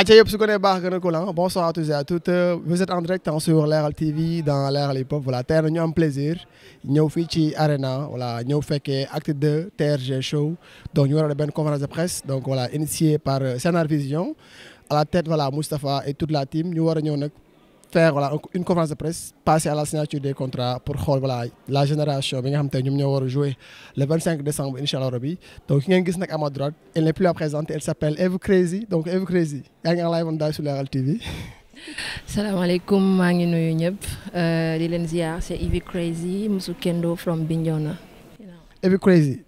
Aïcha yëpp su ko nee baax gën a ko la bonsoir tous et à toutes vous êtes en direct sur Leral TV dans Leral Hip Hop voilà tey nañu am plaisir ñëw fii ci Arena voilà ñëw fekkee acte 2 TRG show donc ñu waral benn conférence de presse donc voilà initié par euh, Sénar Vision à la tête voilà Moustapha et toute la team ñu war a ñëw nag. faire voilà une conférence de presse passer à la signature des contrats pour xool voilà la génération bi nga xam te ñoom ñoo war a décembre incha allah donc ki ngeen gis nag droite elle n'est plus à présenter elle s'appelle Eve Crazy donc Eve Crazy yaa ngi en live on TV. salaamaaleykum maa ngi nuyu ñëpp euh, di leen ziar c'est Eve Crazy Moussou Kendo from Bignona. Eve Crazy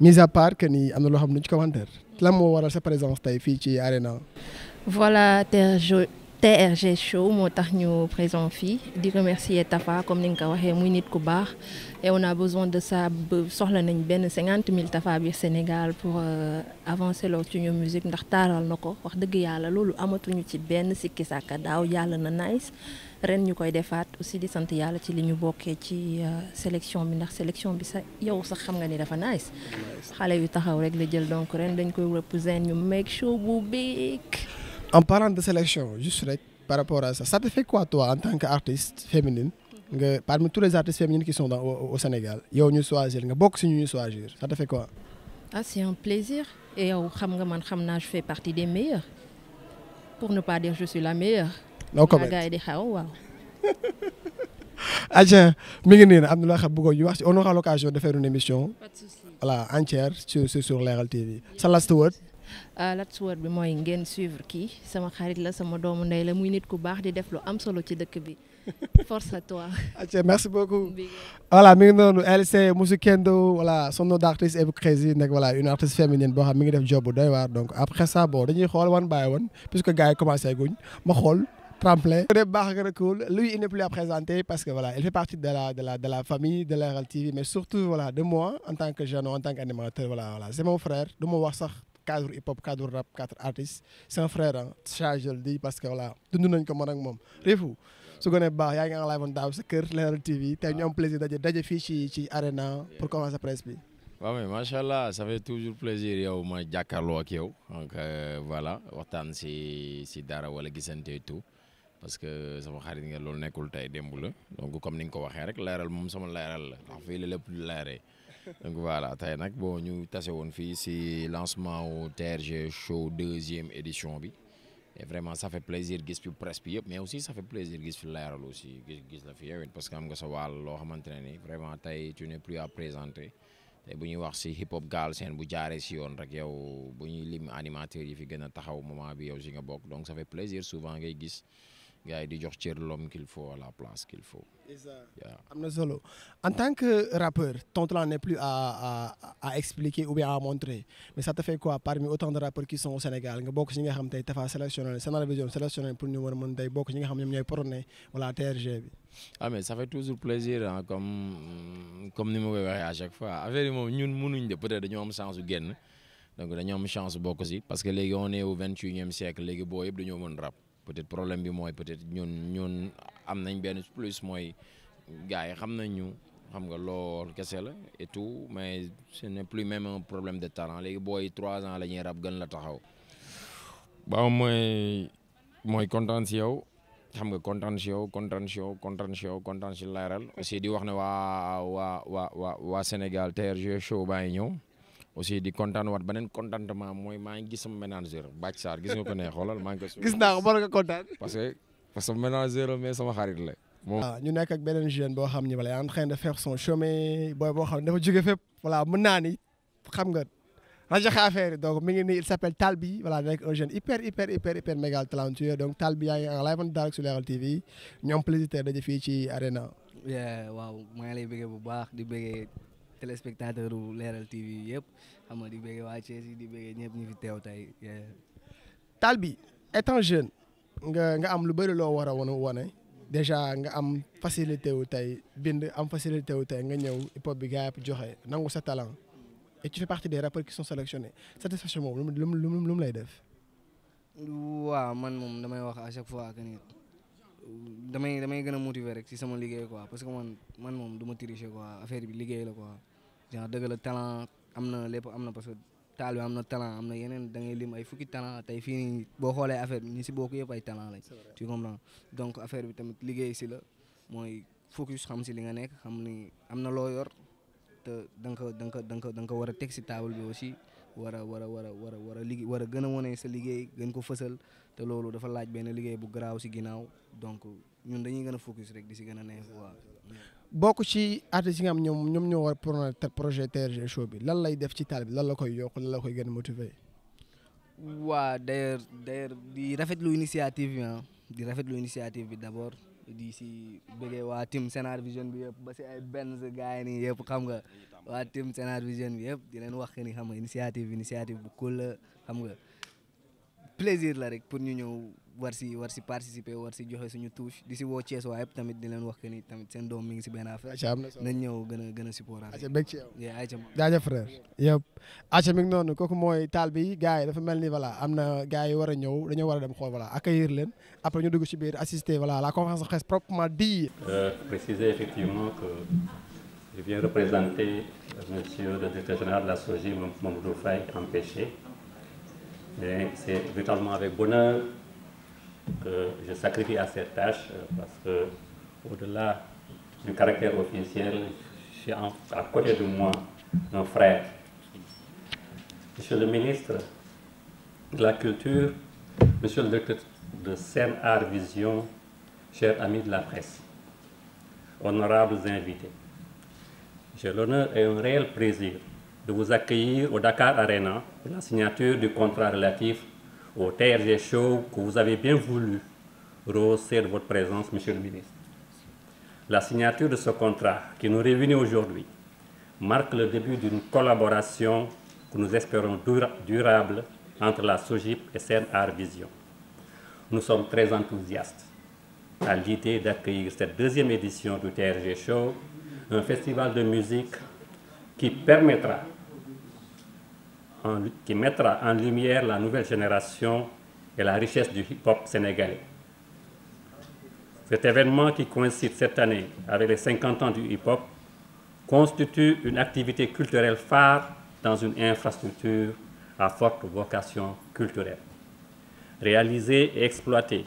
mise à part que ni am na loo xam ne ci commentaire lan moo waral sa présence tey fii ci Arena. voilà TRG show moo tax ñu présent fii di remercier Tafa comme ni nga ko waxee muy nit ku baax et on a besoin de ça soxla nañ benn cinquante mille Tafa biir Sénégal pour euh, avancer lool ci ñu musique ndax taaral na ko wax dëgg yàlla loolu amatuñu ci benn sikki sàkka daaw yàlla na nice ren ñu koy defaat aussi di sant yàlla ci li ñu bokkee ci euh, sélection bi ndax sélection bi sa yow sax xam nga ni dafa nice xale yu taxaw rek la jël donc ren dañ koy représenter ñu make show bu en parlant de sélection juste rek par rapport à ça ça te fait quoi toi en tant qu'artiste féminine nga parmi tous les artistes féminines qui sont dans au, Sénégal yow ñu choisir nga bokk si ñu ñu choisir ça te fait quoi. ah c'est un plaisir et yow xam nga man xam naa je fais partie des meilleurs pour ne pas dire je suis la meilleure. noo ko mel gaa yi di xaw waaw. mi ngi nii nag am na loo xam bëggoon ñu wax ci on aura l'occasion de faire une émission. pas de souci voilà entière sur sur TV. Euh, Lat Suwar bi mooy ngeen suivre kii sama xarit la sama doomu ndey la muy nit ku baax di def lu am solo ci dëkk bi force à toi. ok merci beaucoup voilà mi ngi noonu elle c'est Musikendo voilà son nom d'artiste est Crazy nekk voilà une artiste féminine boo xam mi ngi def job bu doy waar donc après ça bon dañuy xool wan bàyyi woon puisque gars yi guñ ma xool. tremplin. baax gën a cool lui il présenter parce que voilà il fait partie de la de de la famille mais surtout voilà de moi en tant que jeune en tant qu'animateur voilà voilà c'est mon frère du cadre hip hop cadre rap quatre artistes c'est un frère di parce que voilà dund nañ ko man ak moom Rifu su gënee baax yaa ngi en live daaw sa kër Leral TV tey ñu am plaisir daje fii ci ci arena pour commencer presse bi. waaw macha allah ça fait toujours plaisir yow ma jàkkaarloo ak yow donc euh, voilà waxtaan si si dara wala gisante et tout parce que sama xarit nga loolu nekkul tey démb la donc comme ni nga ko waxee rek leeral moom sama leeral la ndax fii la lépp leeree. donc voilà tey nag boo ñu tase woon fii si lancement wu TRG show deuxième édition bi et vraiment ça fait plaisir gis fi presse bi yëpp mais aussi sa fait plaisir gis fi leeral aussi gis gis la fi yow it parce que am nga sa wàll loo xamante ne ni vraiment tey tu n'es plus à présenter tey bu ñuy wax si hip hop gaal seen bu jaaree si yoon rek yow bu ñu lim animateurs yi fi gën a taxaw moment bi yow si nga bokk donc sa fait plaisir souvent ngay gis. gars yi di jox cër l'homme qu'il faut à place qu'il faut. waaw am na solo en tant que rappeur ton talent n'est plus à à à expliquer ou bien à mais ça te fait quoi parmi autant de rappeurs qui sont Sénégal nga bokk ci ñi nga xam tey dafa sélectionné Sénégal Vision ah, ni ma koy waxee chaque fois affaire yi moom ñun mënuñ de peut-être dañoo am chance su génn donc dañoo am chance bokk ci parce que léegi on est au vingt-et-unième siècle léegi boo yëpp dañoo rap. peut-être problème bi mooy peut-être ñun ñun am nañ benn plus mooy gars yi xam nañ ñu xam nga lool kese la et tout mais ce n'est plus même un problème de talent léegi booy trois ans la ñuy rab gën la taxaw. waaw mooy mooy kontaan si yow xam nga kontaan si yow kontaan si yow kontaan si yow kontaan si leeral aussi di wax ne waa waa waa waa waa Sénégal TRG show baa ngi ñëw. aussi di kontaan waat beneen contentement mooy maa ngi gis sama ménageur Bathie Sarr gis nga ko ne xoolal maa ngi ko. gis naa ko mën nga kontaan. parce que parce que sama xarit la. waaw ah, nekk ak beneen jeune boo xam ne voilà en train de faire son chemin booy boo xam ne dafa jóge fépp voilà mën naa ni xam nga rajaxe affaire yi donc mi ngi ni il s'appelle Talbi voilà nekk un jeune hyper hyper hyper hyper méga talentueux donc Talbi yaa ngi en live en direct sur TV fii ci arena waaw maa ngi lay bëggee bu baax di bëggee téléspectateur u leeral TV yëpp xam di bëggee waa Thiès yi di bëggee ñëpp ñu fi teew tey. taal bi étant jeune nga nga am lu bëri loo war a wane wane déjà nga am facilité wu tey bind am facilité wu tey nga ñëw hip bi gaa yëpp joxe nangu sa talent et tu fais partie des rappeurs qui sont sélectionnés satisfaction moom lu mu lu lay def. waaw man moom damay wax a chaque fois que ni damay damay gën a motiver rek si sama liggéey quoi parce que man man moom du ma tricher quoi bi liggéey la quoi. genre dëgg la talent am na lépp am na parce que taal bi am na talent am na yeneen da ngay lim ay fukki talent tey fii nii boo xoolee affaire bi ñu si bokk yëpp ay talent lañ. tu comprends donc affaire bi tamit liggéey si la mooy focus xam si li nga nekk xam ni am na loo yor te da nga ko da nga ko da nga ko war a teg si table bi aussi war a war war a war a liggéey gën a wane sa liggéey gën ko fësal te loolu dafa laaj benn liggéey bu garaaw si ginnaaw donc ñun dañuy gën a focus rek di si gën a neex waaw. bokk ci artistes yi nga xam ñoom ñoom ñoo war a projet TRG show bi lan lay def ci taal bi lan la koy yokk lan koy gën a motiver. waa d'ailleurs di rafetlu initiative bi ah di rafetlu initiative bi d'abord di si bëggee waa team Sénar Vision bi yëpp ba si ay benn gars yi yëpp xam nga waa team Sénar Vision bi yëpp di leen wax que ni xam nga initiative initiative bu cool la xam nga la rek pour ñu ñëw. war si war si participer war si joxe suñu touche di si woo waa yëpp tamit di leen wax que tamit seen doom si benn affaire. ayca na ñëw gën a gën a supporter. ayca bëgg ci yow ayca moom jaajëf frère. yëpp ayca mi ngi noonu kooku mooy taal bi gars yi dafa mel ni voilà am na gars yi war a ñëw dañoo war a dem xool voilà accueillir leen après ñu dugg si biir assister voilà la conférence de presse proprement dit. Euh, préciser effectivement que je viens représenter euh, monsieur la SOGIP Mamadou Faye C'est véritablement avec bonheur que je sacrifie à cette tâche euh, parce que au-delà du caractère officiel, j'ai à côté de moi un frère. Monsieur le ministre de la Culture, monsieur le directeur de Scène Art Vision, chers amis de la presse, honorables invités, j'ai l'honneur et un réel plaisir de vous accueillir au Dakar Arena pour la signature du contrat relatif au TRG Show que vous avez bien voulu rehausser de votre présence, Monsieur le ministre. La signature de ce contrat qui nous réunit aujourd'hui marque le début d'une collaboration que nous espérons dura entre la SOGIP et CNR Vision. Nous sommes très enthousiastes à l'idée d'accueillir cette deuxième édition du TRG Show, un festival de musique qui permettra en, qui mettra en lumière la nouvelle génération et la richesse du hip-hop sénégalais. Cet événement qui coïncide cette année avec les ans du hip-hop constitue une activité culturelle phare dans une infrastructure à forte vocation culturelle. Réalisée et exploitée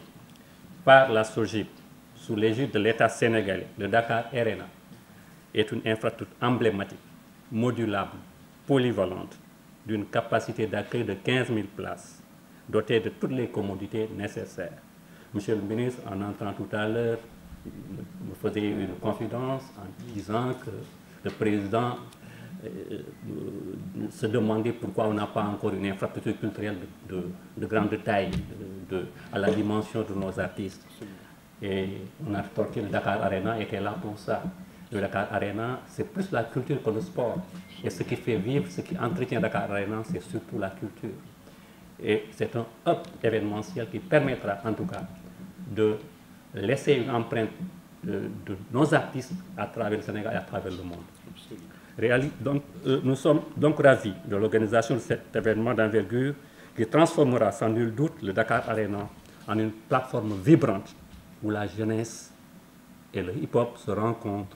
par la SOGIP sous l'égide de l'État sénégalais, le Dakar Arena, est une infrastructure emblématique, modulable, polyvalente, d'une capacité d'accueil de 15 000 places, dotée de toutes les commodités nécessaires. Monsieur le ministre, en entrant tout à l'heure, me faisait une confidence en disant que le président euh, se demander pourquoi on n'a pas encore une infrastructure culturelle de, grande taille à la dimension de nos artistes. Et on a torqué le Dakar Arena était là pour ça. de Dakar Arena, c'est plus la culture que le sport. Et ce qui fait vivre, ce qui entretient Dakar Arena, c'est surtout la culture. Et c'est un hub événementiel qui permettra, en tout cas, de laisser une empreinte de, de nos artistes à travers le Sénégal et à travers le monde. Réalis donc, euh, nous sommes donc ravis de l'organisation de cet événement d'envergure qui transformera sans nul doute le Dakar Arena en une plateforme vibrante où la jeunesse et le hip-hop se rencontrent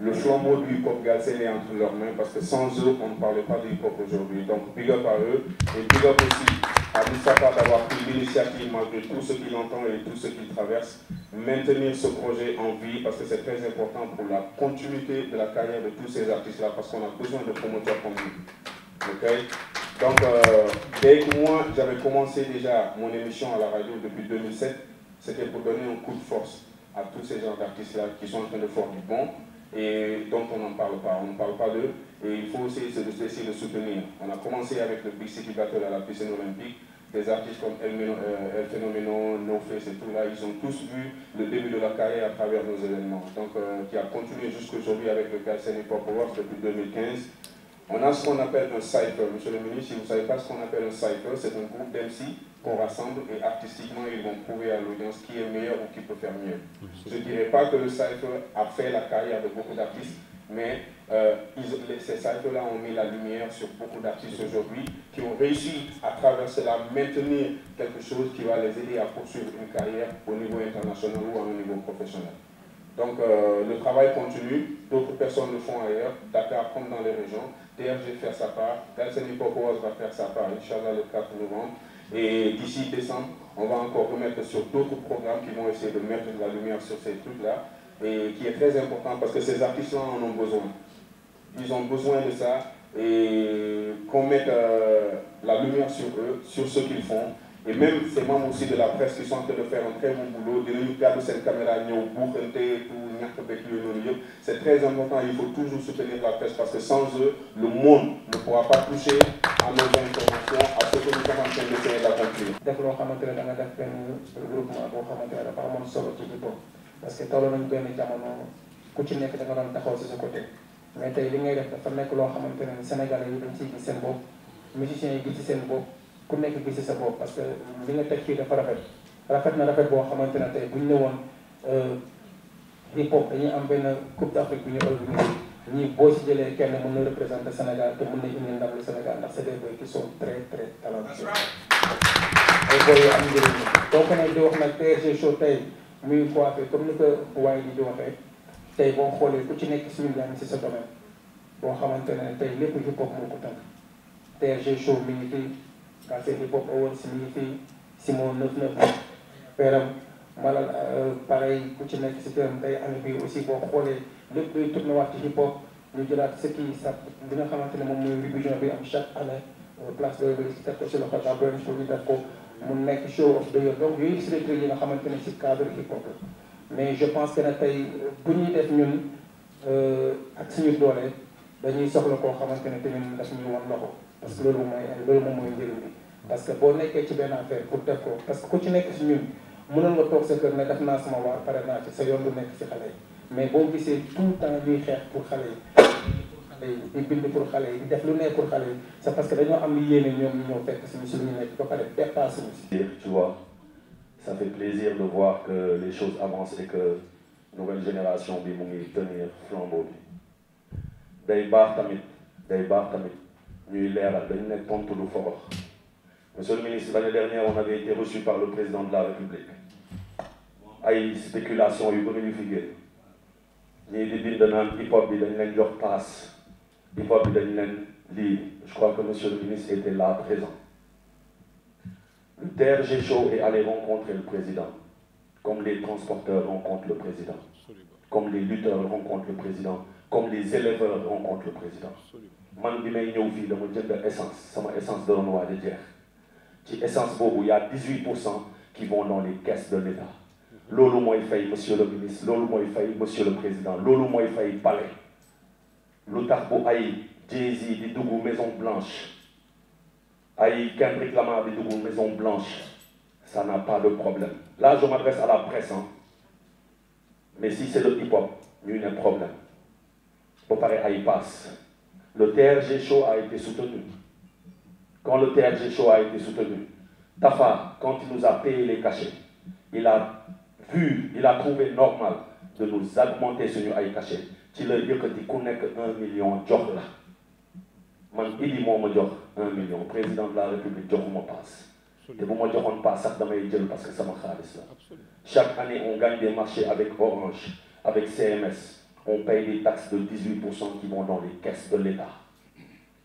Le flambeau du hip-hop galsen est entre leurs mains parce que sans eux, on ne parlait pas du hip-hop aujourd'hui. Donc big up à eux et big up aussi à Moustapha d'avoir pris l'initiative malgré tout ce qu'il entend et tout ce qu'il traverse. Maintenir ce projet en vie parce que c'est très important pour la continuité de la carrière de tous ces artistes-là parce qu'on a besoin de promoteurs comme nous. Donc, euh, dès que moi, j'avais commencé déjà mon émission à la radio depuis c'était pour donner un coup de force à tous ces gens d'artistes-là qui sont et on n'en parle pas. On ne parle pas d'eux et il faut aussi essayer de soutenir. On a commencé avec le Big City Battle à la piscine olympique. Des artistes comme El, euh, No Face et tout là, ils ont tous vu le début de la carrière à travers nos événements. Donc, euh, qui a continué jusqu'aujourd'hui avec le Calcène Hip Hop Awards On a ce qu'on appelle un Monsieur le si vous ne savez pas ce qu'on appelle un cypher, c'est un groupe d'MC qu'on rassemble et artistiquement, ils vont prouver à l'audience qui est meilleur ou qui peut faire mieux. Je ne dirais pas le cypher a fait la carrière de beaucoup d'artistes, mais euh, ils, les, ces cyphers-là ont mis la lumière sur beaucoup d'artistes aujourd'hui qui ont réussi à travers cela maintenir quelque chose qui va les aider à poursuivre une carrière au niveau international ou à un niveau professionnel. Donc euh, le travail DRG faire sa part, Galsani Popos va faire sa part, Inch'Allah le 4 novembre. Et d'ici décembre, on va encore remettre sur d'autres programmes qui vont essayer de mettre la lumière sur ces trucs-là, et qui est très important parce que ces artistes-là ont besoin. Ils ont besoin de ça et qu'on mette euh, la lumière sur eux, sur ce qu'ils font, et même ces membres aussi de la presse qui sont de faire un très bon boulot dinañu caméra ñëw buuxante pour ñàkk bekk yooyu noonu yëpp c' très important il faut toujours soutenir la presse parce que sans eux le monde ne pourra pas toucher à nos informations à ce que nous sommes en train d'essayer d'accomplir def loo xamante ne da nga def benn boo xamante ne dafa amoon solo ci bi bopp parce que tolloo nañu benn jamono ku ci nekk da nga doon mais tey li ngay def dafa nekk loo xamante ne Sénégalais yi dañ ciy gis seen bopp seen bopp ku nekk gis sa bopp parce que li nga teg fii dafa rafet rafet na rafet boo xamante ne tey bu ñu ne woon euh, hip hop dañuy am benn coupe d'Afrique bu ñu organisé boo si jëlee kenn mën na représenter Sénégal te mën na indi ndam le Sénégal ndax c'est des boy qui sont très très talentueux ay boy am njëriñ la donc nag di nag TRG show tey muy coiffé comme ni ko waaye ni di tey boo xoolee ku ci nekk suñu yaa ngi si sa domaine boo xamante ne tey lépp hip hop moo ko tënk show mi cancer bi bokk woon si lii fii si moo neuf neuf feeram malal euh, pareil ku ci nekk si këram tey année bii aussi boo xoolee lépp luy tourné waat ci hip hop ñu jëlaat ce qui sa bi nga xamante ne moom mooy révision bi am chaque année euh, place de si teg ko si loxo daa benn show ñu def ko mu nekk show of the year donc yooyu si yi nga xamante ne si cadre hip hop mais je pense que ne tey bu ñuy def ñun euh, ak suñu doole dañuy soxla koo xamante ne tamit daf ñuy wan loxo parce que loolu mooy loolu moom mooy njëriñ bi parce que boo nekkee ci benn affaire pour def ko parce que ku ci nekk si ñun mënoon nga toog sa kër ne def naa sama waar pare naa ci sa yoon du nekk ci xale yi mais boo gisee tout le temps ñuy xeex pour xale yi pour xale yi di pour xale yi def lu nekk pour xale yi c'est parce que dañoo am yéene ñoom ñoo fekk suñu si ñu nekk ba pare dépassé ñu si. tu vois ça fait plaisir de voir que les choses avancent que nouvelle génération bi mu ngi tenir flambeau bi day baax tamit day baax tamit ñuy leeral dañu ne tontu Monsieur le ministre, l'année dernière, on avait été reçu par le président de la République. ay spéculation yu bëri ñu fi génn ñii di bind naan hip hop bi dañ leen jox passe hip hop bi dañ leen lii je crois que monsieur le ministre était là présent. Le DRG Show est allé rencontrer le président comme les transporteurs rencontrent le président comme les lutteurs rencontrent le président comme les éleveurs rencontrent le président man bi may ñëw fii dama jënd essence sama essence doon waaj a ci essence boobu y' a 18 pour cent qui vont dans les caisses de l'État loolu mooy fay monsieur le ministre loolu mooy fay monsieur le président loolu mooy fay palais lu tax bu ay Jay-Z Maison Blanche ay Kendrick Lamar di dugg Maison Blanche ça n'a pas de problème là je m'adresse à la presse hein mais si c'est le hip-hop ñu ne problème ba pare ay passe le TRG show a été soutenu quand le TRG Show a été soutenu. Tafa, quand il nous a payé les cachets, il a vu, il a trouvé normal de nous augmenter suñu ay cachet ci la yëkkati ku nekk un million jox la man Idi moo ma jox un million président de la république joxuma paas te bu ma joxoon paas que sama xaalis la chaque année on gagne des marchés avec Orange avec CMS on paye des taxes de qui vont dans les caisses de l'État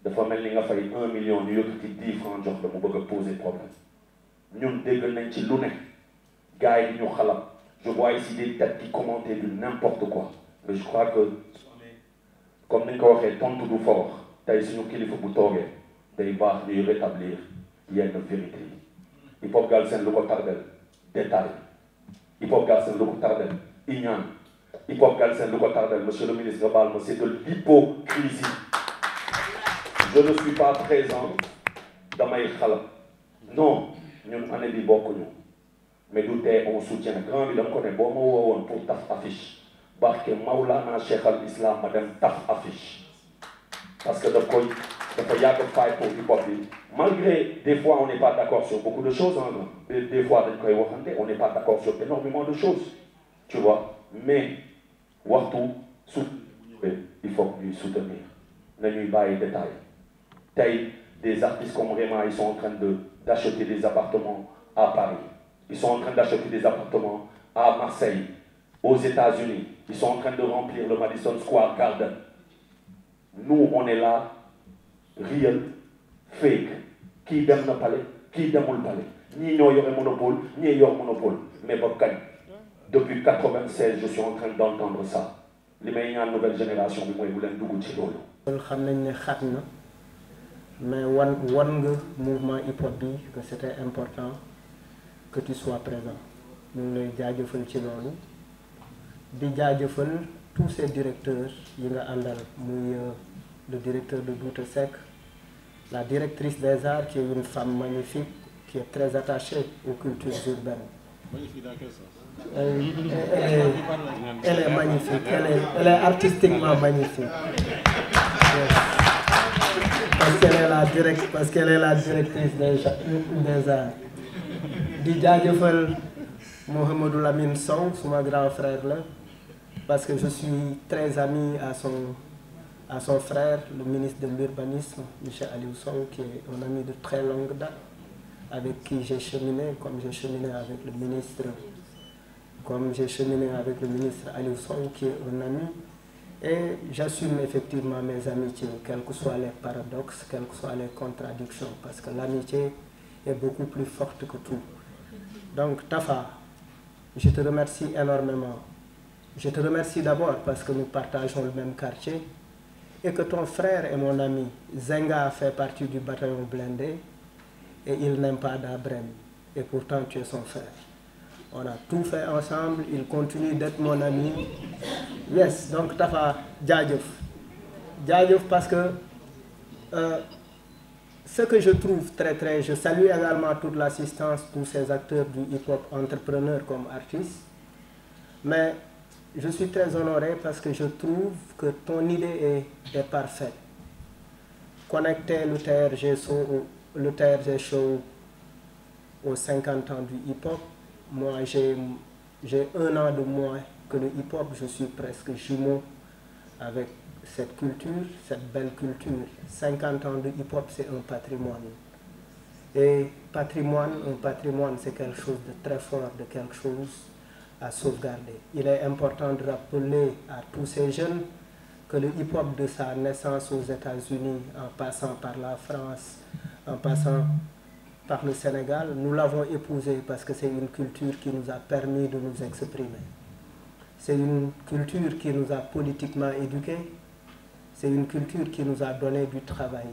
dafa mel ni nga fay un million ñu yëkkati dix francs jox la mu bëgg a poser problème ñun dégg nañ ci lu ne gars yi ñu xalam je vois ici des têtes qui commentent du n'importe quoi je crois que comme ni nga ko waxee tontu du fa wax tey suñu kilifa bu toogee day baax ñuy rétablir yenn vérité yi hip hop Galsen lu ko tardel détail hip hop Galsen lu ko tardel iñaan hip hop Galsen lu ko tardel monsieur le ministre baal ma c'est de je ne suis pas présent damay xalam non ñun année bi bokkuñu mais du tee on soutient grand bi dama ko ne boo ma woowoon pou taf affiche barke Maulana Cheikh al Islam ma dem taf affiche parce que daf koy dafa yàgg faay pour hip hop bi malgré des fois on n'est pas d'accord sur beaucoup de choses hein des fois dañ koy waxante on n'est pas d'accord sur énormément de choses tu vois mais waxtu su il faut ñuy soutenir nañuy bàyyi détail taille des artistes comme Réma, ils sont en train d'acheter de, des appartements à Paris. Ils sont en train d'acheter des appartements à Marseille, aux États-Unis. Ils sont en train de remplir le Madison Square Garden. Nous, on est là, real, fake. Qui aime le palais, qui aime le palais. Ni nous, il monopole, ni il monopole. Mais Bob depuis 1996, je suis en train d'entendre ça. Les meilleures nouvelle génération, du moins, vous l'avez dit. mais wan wan nga mouvement hip hop bi que c'était important que tu sois présent ñu ngi lay jaajëfal ci loolu bi jaajëfal tous ces directeurs yi nga àndal muy euh, le directeur de Douta Seck la directrice des arts qui est une femme magnifique qui est très attachée aux cultures urbaines. Magnifique dans magnifique, elle est, artistiquement magnifique. directe parce qu'elle est la directrice des des arts di jaajëfal Mouhamadou Lamine Sow suma grand frère la parce que je suis très ami à son à son frère le ministre de l'urbanisme monsieur Aliou Sow qui est un ami de très longue date avec qui j'ai cheminé comme j'ai cheminé avec le ministre comme j'ai cheminé avec le ministre Aliou Sow qui est un ami Et j'assume effectivement mes amitiés, quels que soient les paradoxes, quelles que soient les contradictions, parce que l'amitié est beaucoup plus forte que tout. Donc Tafa, je te remercie énormément. Je te remercie d'abord parce que nous partageons le même quartier et que ton frère et mon ami Zenga fait partie du bataillon blindé et il n'aime pas d'Abrem. Et pourtant, tu es son frère. on a tout fait ensemble il continue d'être mon ami donc Tafa jaajëf jaajëf parce que euh, ce que je trouve très très je salue également toute l'assistance tous ces acteurs du hip-hop entrepreneur comme artiste mais je suis très honoré parce que je trouve que ton idée est, est parfaite connecter le TRG Show aux ans du hip-hop moi j'ai j'ai un an de moins que le hip-hop, je suis presque jumeau avec cette culture, cette belle culture. 50 ans de hip-hop, c'est un patrimoine. Et patrimoine, un patrimoine, c'est quelque chose de très fort, de quelque chose à sauvegarder. Il est important de rappeler à tous ces jeunes que le hip-hop de sa naissance aux États-Unis, en passant par la France, en passant par le Sénégal. Nous l'avons épousée parce que c'est une culture qui nous a permis de nous exprimer. C'est une culture qui nous a politiquement éduqués. C'est une culture qui nous a donné du travail.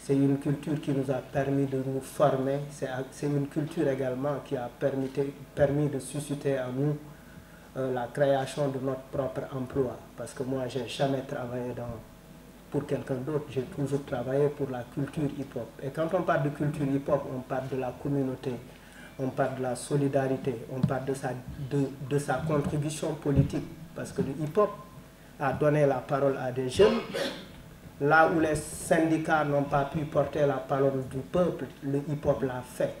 C'est une culture qui nous a permis de nous former. C'est une culture également qui a permis, permis de susciter à nous euh, la création de notre propre emploi. Parce que moi, j'ai jamais travaillé pour quelqu'un d'autre. J'ai toujours travaillé pour la culture hip-hop. Et quand on parle de culture hip-hop, on parle de la communauté, on parle de la solidarité, on parle de sa, de, de sa contribution politique. Parce que le hip-hop a donné la parole à des jeunes. Là où les syndicats n'ont pas pu porter la parole du peuple, le hip-hop l'a fait.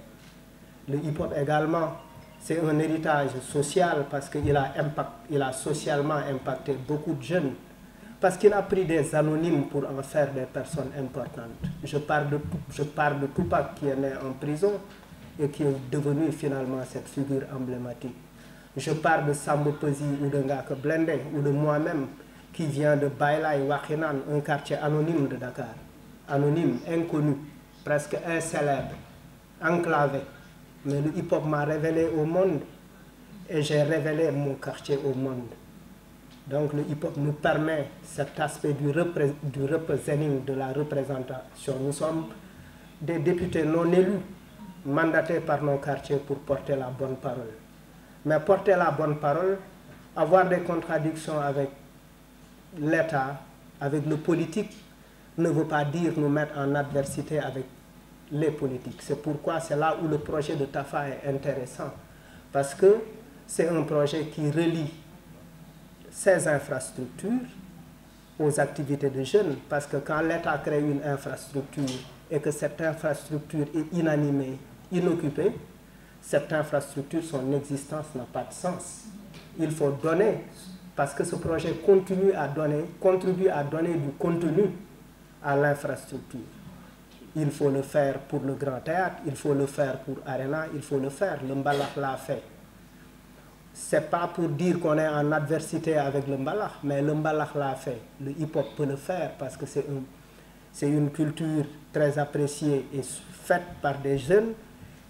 Le hip-hop également, c'est un héritage social parce qu'il a, impact, il a socialement impacté beaucoup de jeunes parce qu'il a pris des anonymes pour en faire des personnes importantes. Je parle de, je parle de Tupac qui est né en prison et qui est devenu finalement cette figure emblématique. Je parle de Sambo Pesi ou de Ngaka Blende ou de moi-même qui vient de Baila et un quartier anonyme de Dakar. Anonyme, inconnu, presque incélèbre, enclavé. Mais le hip-hop m'a révélé au monde et j'ai révélé mon quartier au monde. Donc le hip-hop nous permet cet aspect du, repré de la représentation. Nous sommes des députés non élus, mandatés par nos quartiers pour porter la bonne parole. Mais porter la bonne parole, avoir des contradictions avec l'État, avec le politique, ne veut pas dire nous mettre en adversité avec les politiques. C'est pourquoi c'est là où le projet de TAFA est intéressant, parce que c'est un projet qui relie ces infrastructures aux activités de jeunes. Parce que quand l'État crée une infrastructure et que cette infrastructure est inanimée, inoccupée, cette infrastructure, son existence n'a pas de sens. Il faut donner, parce que ce projet continue à donner, contribue à donner du contenu à l'infrastructure. Il faut le faire pour le Grand Théâtre, il faut le faire pour Arena, il faut le faire. Le Mbalak l'a fait. c'est pas pour dire qu'on est en adversité avec le mbalax mais le mbalax l'a fait le hip-hop peut le faire parce que c'est un c'est une culture très appréciée et faite par des jeunes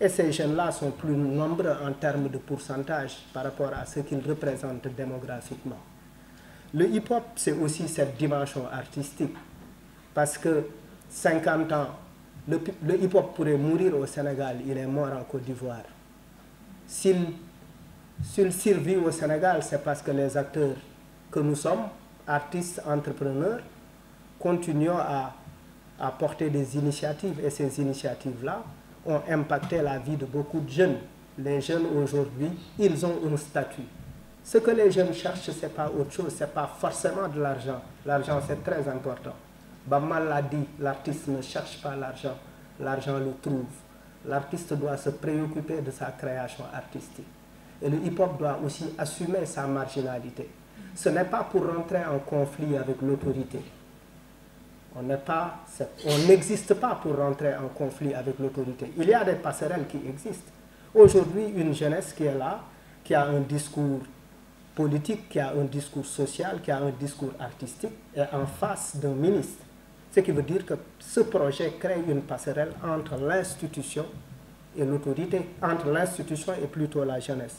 et ces jeunes-là sont plus nombreux en termes de pourcentage par rapport à ce qu'ils représentent démographiquement le hip-hop c'est aussi cette dimension artistique parce que 50 ans le, le hip-hop pourrait mourir au Sénégal il est mort en Côte d'Ivoire s'il s'il survit au Sénégal, c'est parce que les acteurs que nous sommes, artistes, entrepreneurs, continuons à, à porter des initiatives et ces initiatives-là ont impacté la vie de beaucoup de jeunes. Les jeunes aujourd'hui, ils ont un statut. Ce que les jeunes cherchent, ce n'est pas autre chose, ce n'est pas forcément de l'argent. L'argent, c'est très important. Bamal l'a dit, l'artiste ne cherche pas l'argent, l'argent le trouve. L'artiste doit se préoccuper de sa création artistique. Et le hip-hop doit aussi assumer sa marginalité. Ce n'est pas pour rentrer en conflit avec l'autorité. On n'existe pas, pas pour rentrer en conflit avec l'autorité. Il y a des passerelles qui existent. Aujourd'hui, une jeunesse qui est là, qui a un discours politique, qui a un discours social, qui a un discours artistique, est en face d'un ministre. Ce qui veut dire que ce projet crée une passerelle entre l'institution et l'autorité, entre l'institution et plutôt la jeunesse.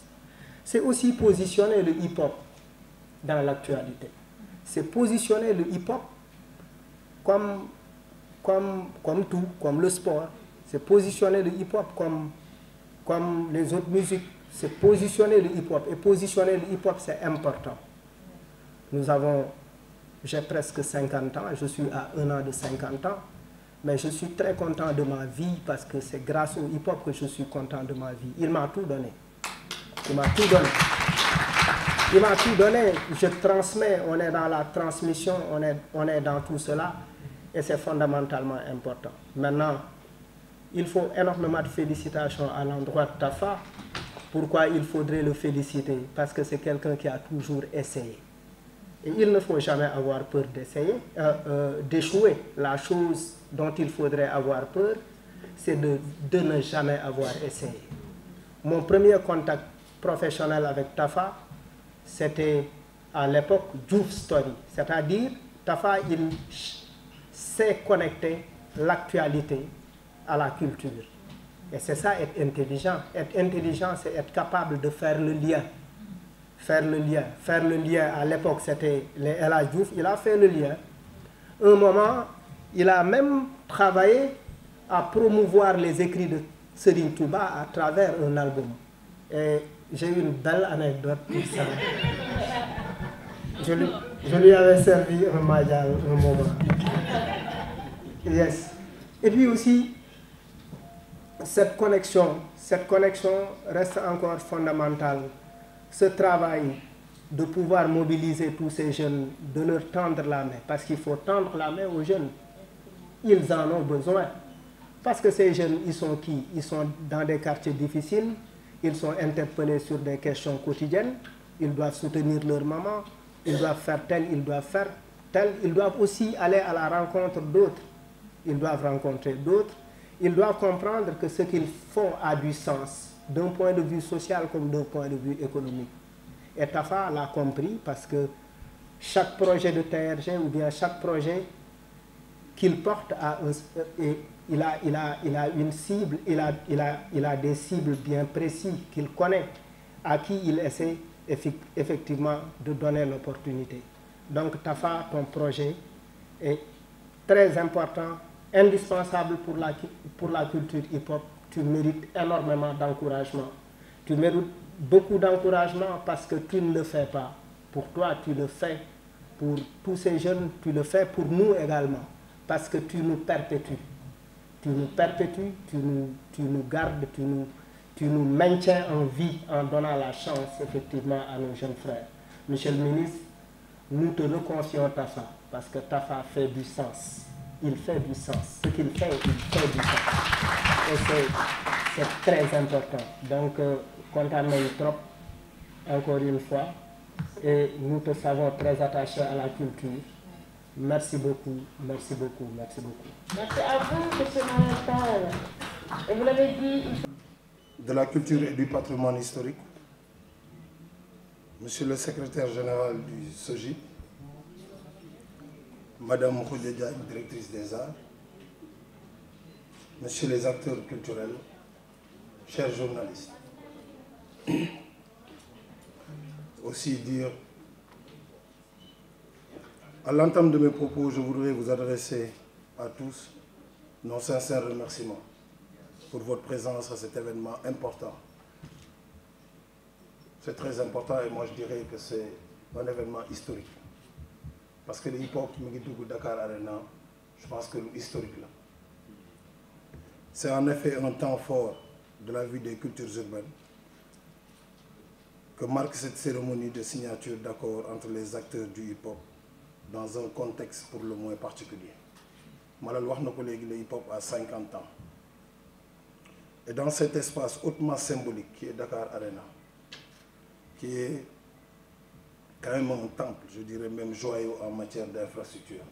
c'est aussi positionner le hip-hop dans l'actualité. C'est positionner le hip-hop comme, comme, comme tout, comme le sport. C'est positionner le hip-hop comme, les autres musiques. C'est positionner le hip-hop. Et positionner le hip-hop, c'est important. Nous avons, j'ai presque 50 ans, je suis à un an de 50 ans. Mais je suis très content de ma vie parce que c'est grâce au hip-hop que je suis content de ma vie. Il m'a tout donné. Tu m'as tout donné. Il m'a tout donné. Je transmets. On dans la transmission. On est, on est dans tout cela. Et c'est fondamentalement important. Maintenant, il faut énormément de félicitations à l'endroit de Tafa. Pourquoi il faudrait le féliciter Parce que c'est quelqu'un qui a toujours essayé. Et il ne faut jamais avoir peur euh, euh, d'échouer. La chose dont il faudrait avoir peur, c'est de, de ne jamais avoir essayé. Mon premier contact professionnel avec Tafa, c'était à l'époque Djouf Story. C'est-à-dire, Tafa, il sait connecter l'actualité à la culture. Et c'est ça, être intelligent. Être intelligent, c'est être capable de fair le lien. Faire le lien. Faire à l'époque, c'était les Ella Diouf. Il a fait le lien. Un moment, il a même travaillé à promouvoir les écrits de Serine Touba à travers un album. J'ai une belle anecdote pour ça. Je lui, je lui avais servi un Madial un moment. Yes. Et puis aussi, cette connexion, cette connexion reste encore fondamentale. Ce travail de pouvoir mobiliser tous ces jeunes, de leur tendre la main, parce qu'il faut tendre la main aux jeunes. Ils en ont besoin. Parce que ces jeunes, ils sont qui? Ils sont dans des quartiers difficiles. ils sont interpellés sur des questions quotidiennes, ils doivent soutenir leur maman, ils doivent faire tel, ils doivent tel, aussi aller à la rencontre d'autres, ils doivent rencontrer d'autres, ils doivent comprendre que ce qu'ils font a du sens, d'un point de vue social comme d'un point de vue économique. Et TAFA l'a compris parce que chaque projet de TRG ou bien chaque projet qu'il porte à un, euh, et il une cible, il a, il des cibles bien précises qu'il connaît, à qui il essaie effectivement de donner l'opportunité. Donc Tafa, ton projet est très important, indispensable pour la, pour la culture hip-hop. Tu mérites énormément d'encouragement. Tu mérites beaucoup d'encouragement parce que tu ne le fais pas. Pour toi, tu le fais. Pour tous ces jeunes, tu le fais pour nous également. parce que tu nous perpétues. Tu nous perpétues, tu nous, gardes, tu nous, tu en vie en donnant la chance effectivement à nos jeunes frères. Monsieur le ministre, nous te reconfions Tafa parce que Tafa fait du sens. Il fait du sens. Ce qu'il fait, il fait du sens. Et c'est très important. Donc, euh, kontaan nañu trop encore une fois et nous te savons très attachés à la culture. Merci beaucoup, merci beaucoup, merci beaucoup. De la culture et du patrimoine historique, monsieur le secrétaire général du SOGI, madame Khoudia directrice des arts, monsieur les acteurs culturels, chers journalistes. Aussi dire À l'entame de mes propos, je voudrais vous adresser à tous nos sincères remerciements pour votre présence à cet événement important. C'est très important et moi je dirais que c'est un événement historique. Parce que le hip-hop mi ngi dugg Dakar Arena, je pense que lu historique la. C'est en effet un temps fort de la vie des cultures urbaines que marque cette cérémonie de signature d'accords entre les acteurs du hip dans un contexte pour le moins particulier Malal wax na ko léegi le hip-hop à cinquante ans et dans cet espace hautement symbolique qui est Dakar Arena qui est quand même un temple je dirais en matière d'infrastructure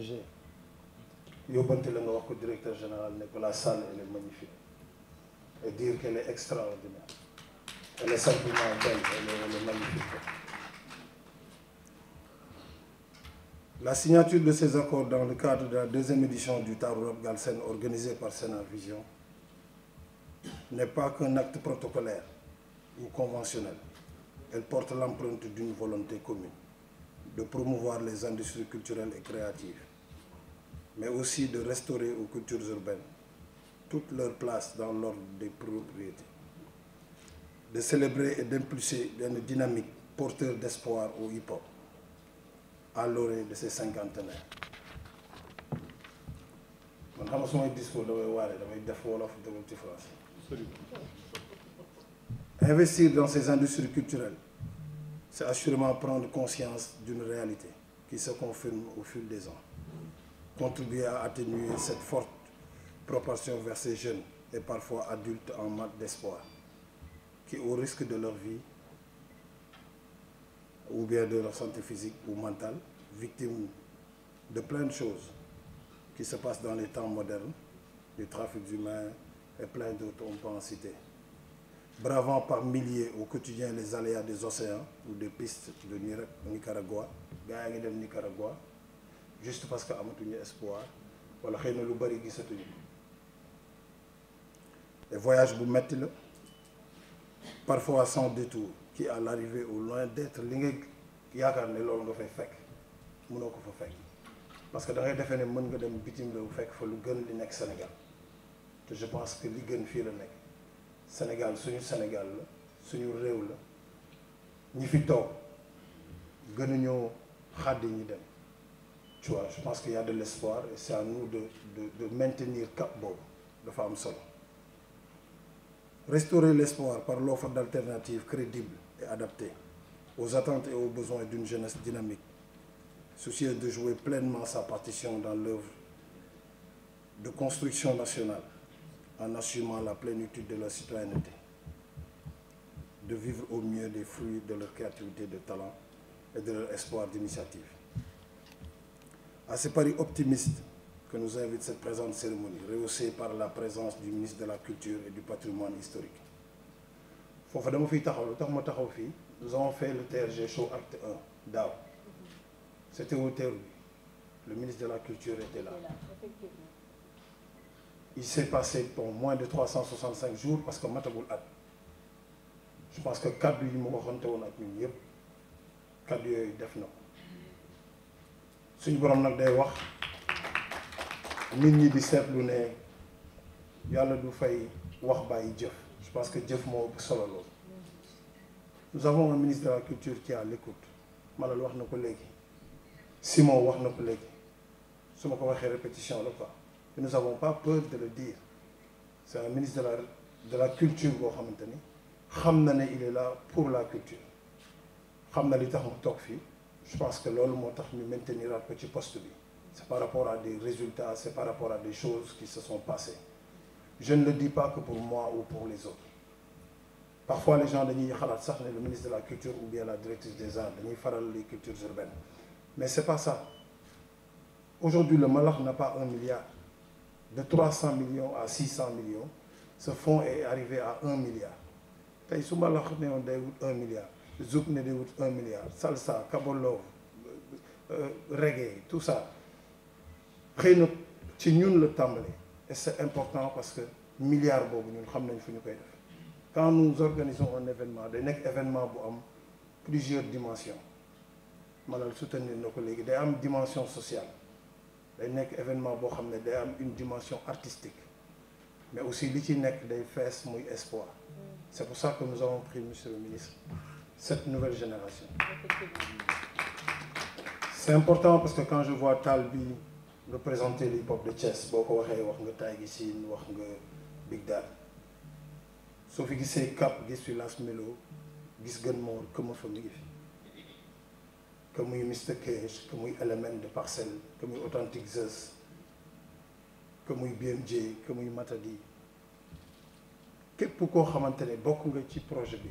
g yóbbante la nga wax ko directeur général ne que la salle elle est magnifique et dire qu'elle est extraordinaire elle est simplement belle elle est, elle La signature de ces accords dans le cadre de la deuxième édition du Tarourab Galsen organisé par Sénat Vision n'est pas qu'un acte protocolaire ou conventionnel. Elle porte l'empreinte d'une volonté commune de promouvoir les industries culturelles et créatives, mais aussi de restaurer aux cultures urbaines toute leur place dans l'ordre des propriétés, de célébrer et d'impulser une dynamique porteur d'espoir au hip-hop à l'orée de ces cinquantenaires man xam nga sumay discours damay damay def wolof damay ci français investir dans ces industries culturelles c'est assurément prendre conscience d'une réalité qui se confirme au fil des ans contribuer à atténuer cette forte proportion vers ces jeunes et parfois adultes en manque d'espoir qui au risque de leur vie ou bien de leur santé physique ou mentale, victimes de plein de choses qui se passent dans les temps modernes, du trafic humain et plein d'autres, on peut en citer. Bravant par milliers au quotidien les aléas des océans ou des pistes de Nicaragua, a ngi dem Nicaragua juste parce que amatuñu espoir wala xëy na lu bari gisatuñu et voyage bu metti la parfois sans détour qui à l'arrivée au loin d'être li nga yaakaar ne loolu nga fay fekk mënoo ko fa fekk parce que da defe ne mën nga dem bitim bu fekk fa lu gën li nekk Sénégal te je pense que li gën fii la nekk Sénégal suñu Sénégal la suñu réew la ñi fi toog gënuñoo xàddi ñi dem tu vois je pense qu'il y de l'espoir et c'est à nous de de de maintenir cap boobu dafa am solo restaurer l'espoir par loo l'offre d'alternatives crédibles et adaptée aux attentes et aux besoins d'une jeunesse dynamique, soucieuse de jouer pleinement sa partition dans l'œuvre de construction nationale en assumant la plénitude de leur citoyenneté, de vivre au mieux des fruits de leur créativité, de talent et de leur espoir d'initiative. À ces paris optimistes que nous invite cette présente cérémonie, rehaussée par la présence du ministre de la Culture et du Patrimoine historique, foofu dama fi taxaw lu tax ma taxaw fii nous avons fait le TRG show acte 1 daaw c'était au terme le ministre de la culture était là il s'est passé bon moins de 365 jours parce que matagul at je que kaddu yi mu waxante woon ak ñun yëpp kaddu yooyu def na ko suñu borom nag day wax nit ñi di seetlu ne yàlla du fay wax bàyyi jëf je que jëf moo ëpp solo loolu nous avons un ministre de la culture ci est à l'écoute Malal wax na ko léegi si Simon wax na ko léegi su ma ko waxee répétition la quoi et nous avons pas peur de le dire c'est un ministre de la de la culture boo xamante ni xam na ne il est là pour la culture xam na li tax mu toog fii je pense que loolu moo tax ñu maintenir ko ci poste bi c'est par rapport à des résultats c'est par rapport à des choses qui se sont passées je ne le dis pas que pour moi ou pour les autres parfois les gens dañuy xalaat sax ne le ministre de la culture ou bien la directrice des arts dañuy faral les cultures urbaines mais c'est pas ça aujourd'hui le Malax n'a pas un milliard de 300 millions à 600 millions ce fonds est arrivé à un milliard tey su Malax ne woon day wut un milliard zouk ne day wut un milliard salsa kabolov euh, euh, reggae tout ça xëy na ci ñun la tàmbali et c'est important parce que milliard boobu ñun xam nañ fu ñu koy def quand nous organisons un événement day nekk événement bu am plusieurs dimensions malal soutenir no ko léegi day am dimension sociale day nekk événement boo xam ne day am une dimension artistique mais aussi li ci nekk day fees muy espoir c'est pour ça que nous avons pris monsieur le ministre cette nouvelle génération c'est important parce que quand je vois Talbi nga présenté hip hop de Thiès boo ko waxee wax nga Taï Guissine wax nga Big Dal soo fi gisee Cap gis fi Las Melo gis gën moor que ma fa muy Mr Cage que muy Element de Parcelles que muy Authentic Zeus que muy BMJ que Matadi képp koo xamante ne bokk nga ci projet bi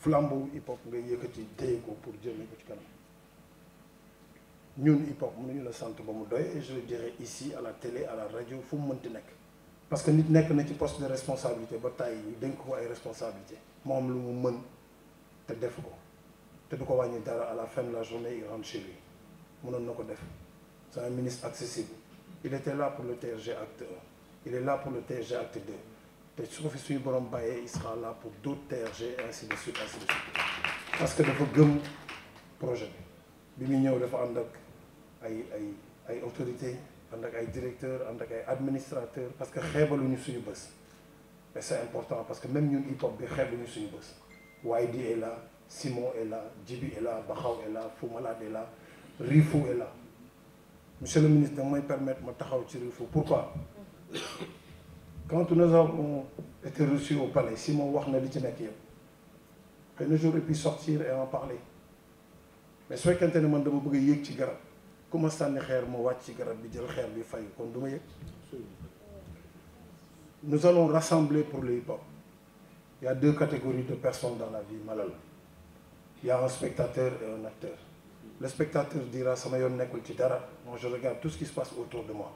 flambeau hip hop nga yëkkati téye ko pour jëme ko ci kanam ñun hip hop mënuñu la sant ba mu doy et je le dirai ici à la télé à la rajo fu mu ti nekk parce que nit nekk na ci post de responsabilité ba tàyyi ñu dénk ko ay responsabilité moom lu mu mën te def ko te du ko wàññi dara à la fin de la journée il rentre chez mënoon na ko def c'est un ministre accessible il était là pour le TRG acte 1 il est là pour le TRG acte 2 te su ko fi suñu borom bàyyee il sera là pour d'autres TRG et ainsi de suite ainsi de suite parce que dafa gëm projet bi bi muy ñëw dafa ànd ak ay ay ay autorités ànd ak ay directeurs ànd ak ay administrateurs parce que xeebaluñu suñu bës et c'est important parce que même ñun hip hop bi ñu suñu bës waaye di la là Simon est là Djibi est là Baxaw est là Fou Malade est là Rifou est là monsieur le ministre da may permettre ma taxaw ci Rifou pourquoi quand nous avons été reçus au palais Simon wax na li ci nekk yëpp xëy na j'aurais pu sortir et en parler mais su fekkente ne man dama bëgg a yéeg ci garab ku ma sànni xeer moo wàcc ci garab bi jël xeer bi fay kon du ma yëg nous allons rassembler pour le hip-hop il y a deux catégories de personnes dans la vie malal il a un spectateur et un acteur le spectateur dira sama yoon nekkul ci dara moo je regarde tout ce qui se passe autour de moi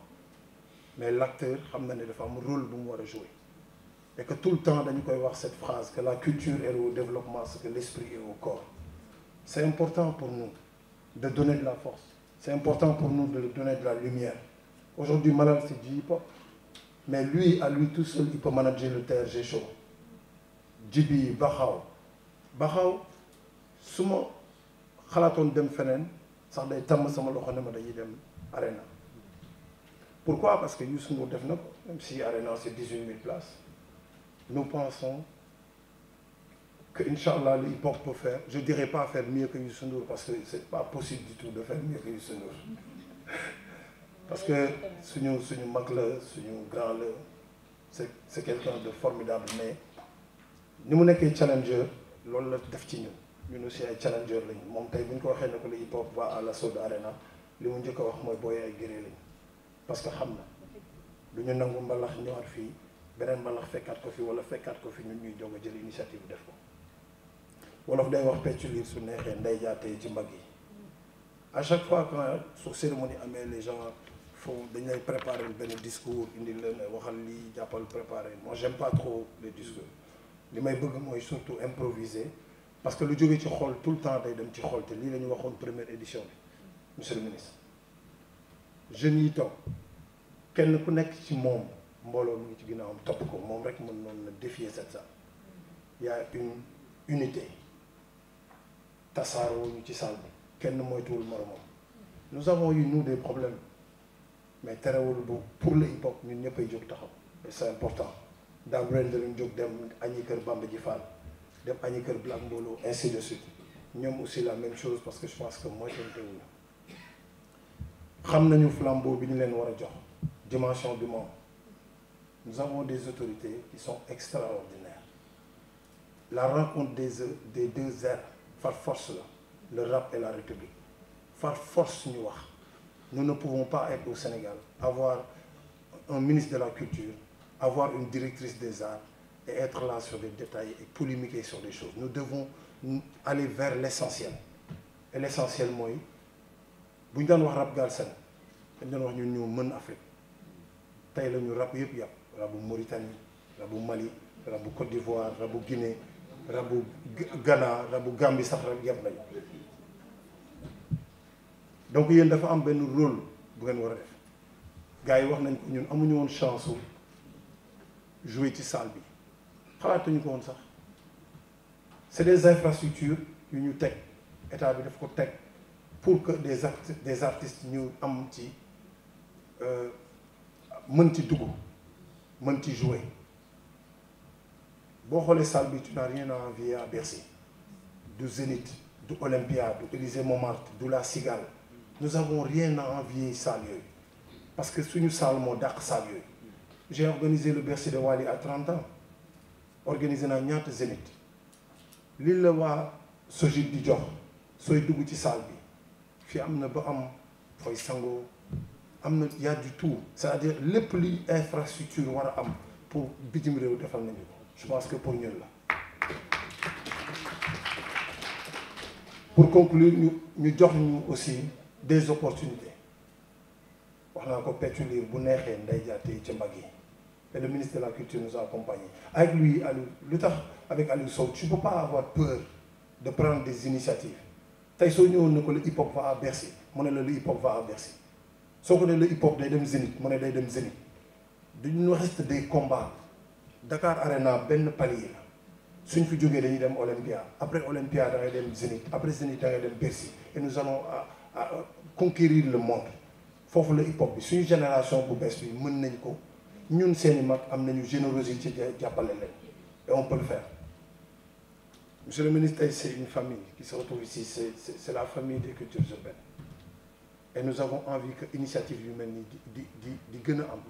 mais l'acteur xam na ne dafa am rôle bu mu war a jouer et que tout le temps dañu koy wax cette phrase que la culture est au développement que l'esprit est au corps c'est C'est important pour nous de lui donner de la lumière. Aujourd'hui, Malal, c'est du hip Mais lui, à lui tout seul, il peut manager le TRG Show. Djibi, Baxaw. Baxaw, su ma xalaatoon dem feneen sax day tàmm sama loxo ne ma dañuy dem Arena. Pourquoi? Parce que Youssou Ndour def na même si Arena c'est 18 000 places. Nous pensons que lu il porte pour faire. Je ne dirais pas faire mieux que Youssou Ndour parce que de faire mieux que que suñu suñu mag la suñu grand la c'est c'est quelqu'un de formidable mais ni mu nekkee challenger loolu la def ci ñun ñun aussi ay challenger lañu moom tey bu ñu ko waxee ne ko le hip hop va à l'assaut de l'arène li mu njëkk a wax mooy booy ay guerrier parce que xam na du ñu nangu mbalax ñëwaat fii beneen mbalax fekkaat ko fi wala fekkaat ko fii ñun ñuy jóg a jël initiative def ko. wolof day wax peccu liir su neexee nday jaatee ci mbag yi à chaque fois que su cérémonie amee les gens font dañ lay préparer benn discours indi leen waxal lii jàppal préparer moi j'aime pas trop les li may bëgg mooy surtout improviser parce que lu jógee ci xol tout le temps day dem ci xol te lii la ñu waxoon première édition bi monsieur le ministre jeunes yi toog kenn ku nekk ci moom mbooloo mu ngi ci am topp ko moom rek mën noonu na défier cette salle y une unité tasaaroo ñu ci salle bi kenn moytuwul moromam nous avons eu nous des problèmes mais terewul bu pour le hip hop ñun ñëpp ay jóg taxaw e c'est important daaw ren danañ jóg dem añi kër Bamba ji Fall dem añi kër Black Mbolo ainsi de suite ñoom aussi la même chose parce que je pense que moytuwuñu xam nañu flambeau bi ñu leen war a jox dimension bi moom nous avons des autorités qui sont extraordinaires la rencontre des des deux airs par force la le rap et la république par force ñu wax nous ne pouvons pas être au Sénégal avoir un ministre de la culture avoir une directrice des arts et être là sur des détails et polémiquer sur des choses nous devons aller vers l'essentiel et l'essentiel mooy bu ñu daan wax rap Galsen dañ doon wax ñu ñoo mën Afrique tey la ñu rap yëpp yàpp rabu Mauritanie rabu Mali rabu Côte d'Ivoire rabu Guinée rabu Ghana rabu Gambie sax rek yem nañu donc yéen dafa am benn rôle bu ngeen war a def gars yi wax nañ ko ñun amuñu woon chance su jouer ci salle bi xalaatuñu ko woon sax c'est des infrastructures yu ñu teg état bi daf ko teg pour que des art des artistes ñu am ci euh, mën ci dugub mën ci jouer boo xoolee salle bi tu naa rien à envier à Bercy du Zénith du Olympia du Élysée Montmartre du La Cigale nous avons rien à envier salle yooyu parce que suñu salle moo dàq salle yooyu j'ai organisé le Bercy de Wally à 30 ans organisé naa ñaata Zénith li la waa Sojid di jox sooy dugg ci salle bi fii am na ba am fooy sangoo am na y a du tout c'est-à-dire lépp luy infrastructure war a am pour bitim réew defal nañu je pense que pour ñun la pour conclure ñu jox ñu aussi des opportunités wax naa ko pétulir bu neexee nday jaatee ci mbagg yi et le ministre la culture nous a accompagnés avec lui Aliou lu tax avec Aliou Sow tu ne peux avoir peur de prendre des initiatives tey soo ñëwoon ne ko le hip hop va à Bercy mu ne la lu hip hop va à Bercy soo ko ne le hip hop day dem Zénith mu ne day dem Zénith duñu reste des combats Dakar Arena benn palier la suñ fi jógee dañuy dem Olympia après Olympia da ngay dem Zénith après Zénith da ngay dem Bercy et nous allons euh, euh, conquérir le monde foofu la hip hop bi suñu génération bu bees bi mën nañ ko ñun seeni mag am nañu générosité ci jàppale leen et on peut le faire monsieur le ministre tey c'est une famille qui se retrouve ici c'est c'est la famille des cultures urbaines et nous avons envie que initiative yu mel nii di di di di gën a am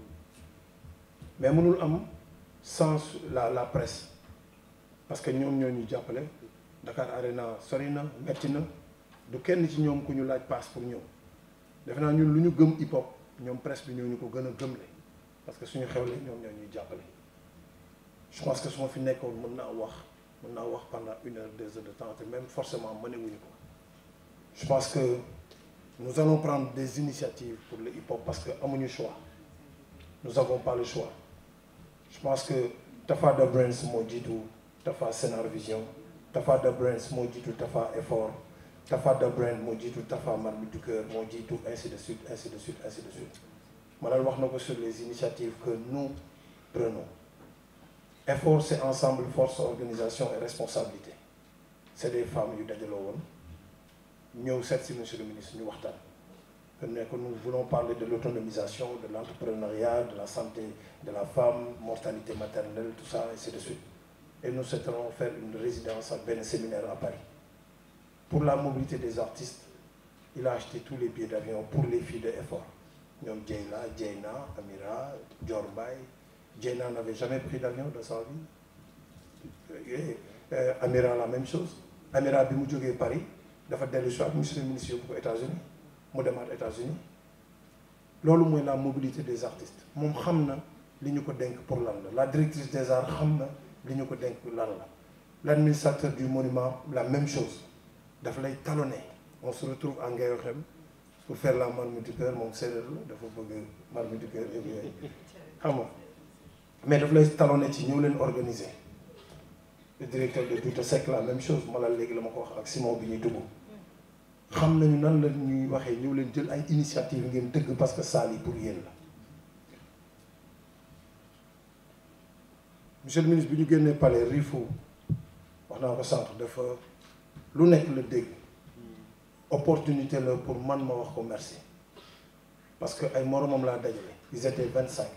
mais mënul am sans la la presse parce que ñoom ñoo ñu jàppale Dakar Arena sori na metti na du kenn ci ñoom ku ñu laaj paas pour ñëw defe naa ñu lu ñu gëm hip hop ñoom presse bi ñoo ñu ko gën a gëmle parce que xew xewle ñoom ñoo ñuy jàppale. je pense que su ma fi nekkoon mën naa wax mën naa wax pendant une heure deux heures de temps te même forcément mënewuñu ko je pense que nous allons prendre des initiatives pour le hip hop parce que amuñu choix nous avons pas le je pense que Tafa Da Brains moo jiitu Tafa Sénar Vision Tafa Da Brains moo jiitu Tafa Effort Tafa Da Brains moo jiitu Tafa Marmite du Cœur moo jiitu ainsi de suite ainsi de suite ainsi de suite Malal wax na ko sur les initiatives que nu prenons Effort c'est ensemble force organisation et responsabilité c'est des femmes yu dajaloo woon ñëw seet si monsieur le ministre ñu waxtaan que nous voulons parler de l'autonomisation, de l'entrepreneuriat, de la santé de la femme, mortalité maternelle, tout ça, et ainsi de suite. Et nous souhaiterons faire une résidence séminaire à Paris. Pour la mobilité des artistes, il a acheté tous les billets d'avion pour les filles de effort. Nyom Djeila, Djeina, Amira, Djorbay. Djeina n'avait jamais pris d'avion dans sa vie. Et, euh, Amira, la même chose. Amira, Bimoudjogé, Paris, il a fait des choix, monsieur le ministre, aux mu demaat États-Unis loolu mooy naa mobilité des artistes moom xam na li ñu ko denk pour lan la la directrice des arts xam na li ñu ko dénk lan la l'administrateur du monument la même chose daf lay talonner on se retrouve à Ngayoxem pour faire la marmite du moom séeréer la dafa bëgg marmite du cœur ak yooyu xam nga mais daf lay talonner ci ñëw leen organiser le directeur de Douta Seck la même chose mala léegi la ma ko wax ak Simon bi ñuy dugg xam nañu nan la ñuy waxee ñëw leen jël ay initiative ngeen dëgg parce que salle yi pour yéen la monsieur ministre bi ñu génnee pare Rifo wax naa ko sànq dafa lu nekk la dégg opportunité la pour man ma wax ko parce que ay moromam laa dajale ils étaient vingt cinq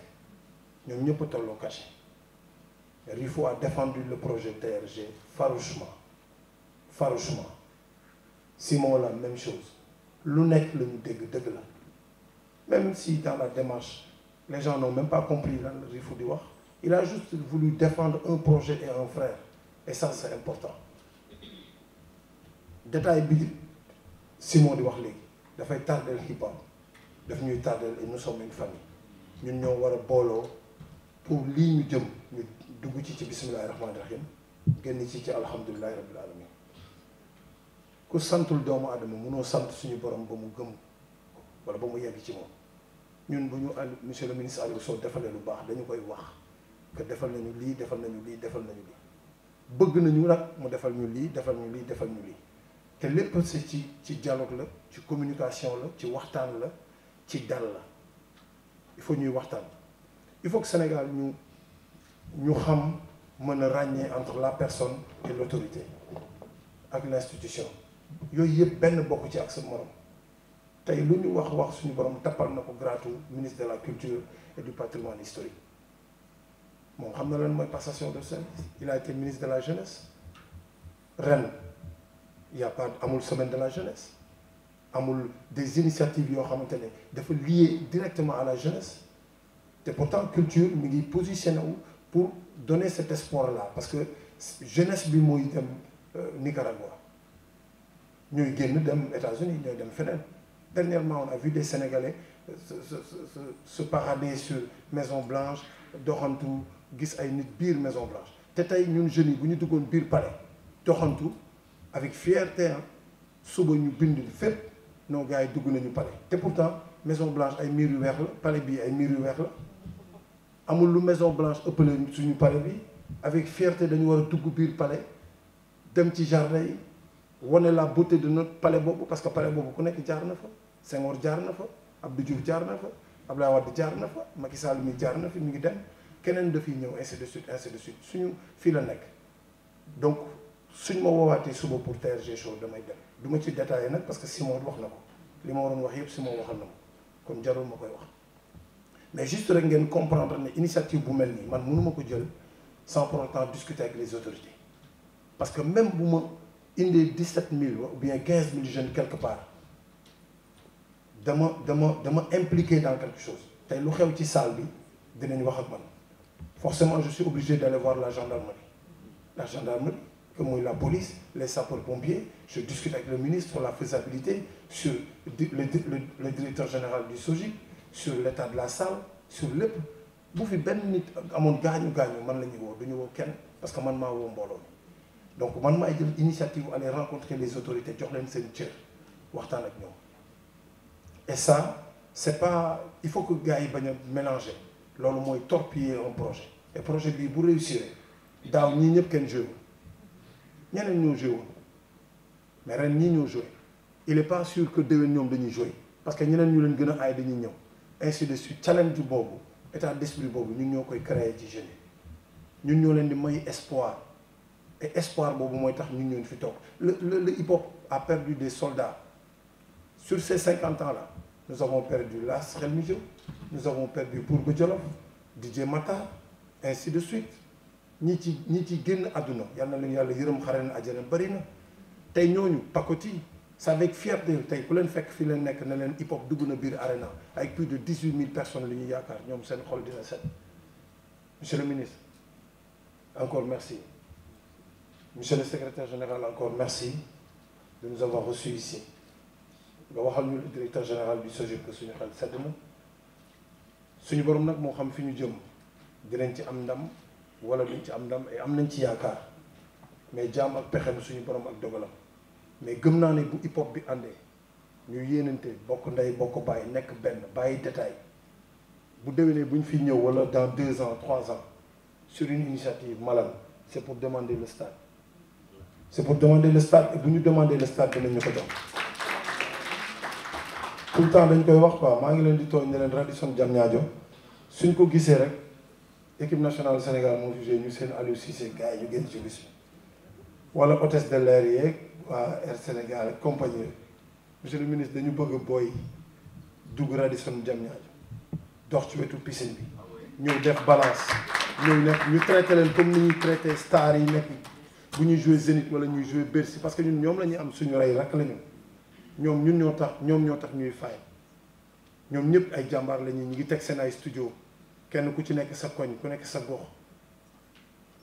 ñoom ñëpp tolloo cachet Rifo a défendu le projet TRG farouchement farouchement Simon la même chose lu nekk la ñu dégg dëgg la même si dans la démarche les gens n'ont même pas compris lan la Rifou di wax il a juste voulu défendre un projet et un frère et ça c'est important détail bi Simon di wax léegi dafay tardel hip-hop daf ñuy tardel et nous sommes une ñun ñoo war a booloo pour lii ñu jëm ñu dugg ci ci bismillahi rahmaani rahim génn ci ci alhamdulilahi rabbil alamin ku santul doomu adama munoo sant suñu borom ba mu gëm wala ba mu yegg ci moom ñun bu ñu al monsieur le ministre Aliou Sow defalee lu baax dañu koy wax que defal nañu lii defal nañu lii defal nañu lii bëgg nañu nag mu defal ñu lii defal ñu lii defal ñu lii te lépp si ci ci dialogue la ci communication la ci waxtaan la ci dal la il faut ñuy waxtaan il faut Sénégal ñu ñu xam mën a ràññee entre la personne et l'autorité ak l'institution yooyu yëpp benn bokk ci ak sa morom tey lu ñu wax wax suñu borom tappal na ko gratu ministre de la culture et du patrimoine historique moo xam na lan mooy passation de service il a été ministre la jeunesse ren il amul semaine de la jeunesse amul des initiatives yoo xamante ne dafa lié directement à la jeunesse te pourtant culture mi ngi positionné wu pour donner cet espoir là parce que jeunesse bi mooy dem euh, Nicaragua ñooy génn dem États-Unis ñooy dem feneen dernièrement on a vu des Sénégalais se se se se parader sur Maison Blanche doxantu gis ay nit biir Maison Blanche te tey ñun jeunes yi bu ñu duggoon biir palais doxantu avec fierté suba ñu bind fépp noo gars yi dugg nañu palais te pourtant Maison Blanche ay miir yu weex la palais bii ay miir yu weex la amul lu Maison Blanche ëppale suñu palais bi avec fierté dañu war a dugg biir palais dem ci jardin yi. wane la beauté de notre palais boobu parce que palais boobu ku nekk jaar na fa Senghor jaar na fa Abdou Diouf jaar na fa Abdoulaye Wade jaar na fa Macky Sall mi jaar na fi mi ngi dem keneen dafiy ñëw ainsi de suite ainsi de suite suñu fii la nekk donc suñ ma woowaatee suba pour TRG show damay dem du ma ci détaillé nag parce que Simon wax na ko li ma waroon wax yëpp Simon waxal na ma kon jarul ma koy wax mais juste rek ngeen comprendre ne initiative bu mel nii man mënu ko jël sans pour autant discuter avec les autorités indi 17000 ou bien 15000 jeunes quelque part dama dama dama impliqué dans quelque chose tey lu xew ci salle bi dinañ wax ak man forcément je suis obligé d' aller voir la gendarmerie la gendarmerie que mooy la police les sapeurs-pompiers je discute avec le ministre sur la faisabilité sur le le directeur général du SOGIC sur l' de la salle sur lépp bu fi ben nit amoon gaañu gaañu man la ñuy woo du ñu woo kenn parce que man maa woo mbooloo donc man ay jël initiative aller rencontrer les autorités jox leen seen cër waxtaan ak ñoom et ça c'est pas il faut que gars yi bañ a mélanger loolu mooy torpiller un projet et projet bii bu réussir daaw ñii ñëpp kenn joué ñeneen ñoo joué mais ren ñii ñoo joué il est pas sûr que déwén ñoom dañuy joué parce que ñeneen ñu leen gën a aay dañuy ñëw ainsi de suite challenge boobu état d'esprit boobu ñun ñoo koy créer ci jeunes yi ñun ñoo leen di may espoir et espoir boobu mooy tax ñun ñun fi toog le le hip-hop a perdu des soldats sur ces cinquante ans la nous avons perdu Lass Khel Njo nous avons perdu Bourba Djolof DJ Matar ainsi de suite ñi ci ñi ci génn àdduna yal na leen yàlla yërëm xare na àjjana bëri na tey ñooñu pakoti c'est avec fierté tey ku leen fekk fi leen nekk ne leen hip-hop dugg na biir arena ay plus de dix-huit mille personnes li ñu yaakaar ñoom seen xol dina set monsieur le minist encore merci monsieur le secrétaire général encore merci de nous avoir reçus ici nga waxal ñu directeur général du SOGEP suñu xel sedd na suñu borom nag moo xam fi ñu jëm dinañ ci am ndam wala duñ ci am ndam et am nañ ci yaakaar mais jaam ak pexem suñu borom ak dogalam mais gëm naa ni bu hip hop bi àndee ñu yéenante bokk ndey bokk bàyyi nekk benn bàyyi détail bu déwénee bu ñu fi ñëw wala dans deux ans trois ans sur une initiative malade c'est pour demander le c'est pour demander le stade bu ñu demander le stade dinañ ñu ko jox tout le temps dañ koy wax quoi maa ngi leen di tooñ ne leen Radisson Diamniadio suñ ko gisee rek équipe nationale Sénégal moo fi ñu seen Aliou Cissé gars yi ñu génn ci bis wala hôtesse de l'air yeeg waa Air Sénégal ak compagnie monsieur ministre dañu bëgg booy dugg Radisson Diamniadio dox ci wetu piscine bi ah ñëw def balance ñëw nekk ñu traité leen comme ni ñuy traité star yi nekk bu ñuy joué Zénith wala ñuy joué Bercy parce que ñun ñoom la ñuy am suñu rey rakk la ñu ñoom ñun ñoo tax ñoom ñoo tax ñuy fay ñoom ñëpp ay jàmbaar la ñu ñu ngi teg seen ay studio kenn ku ci nekk sa koñ ku nekk sa gox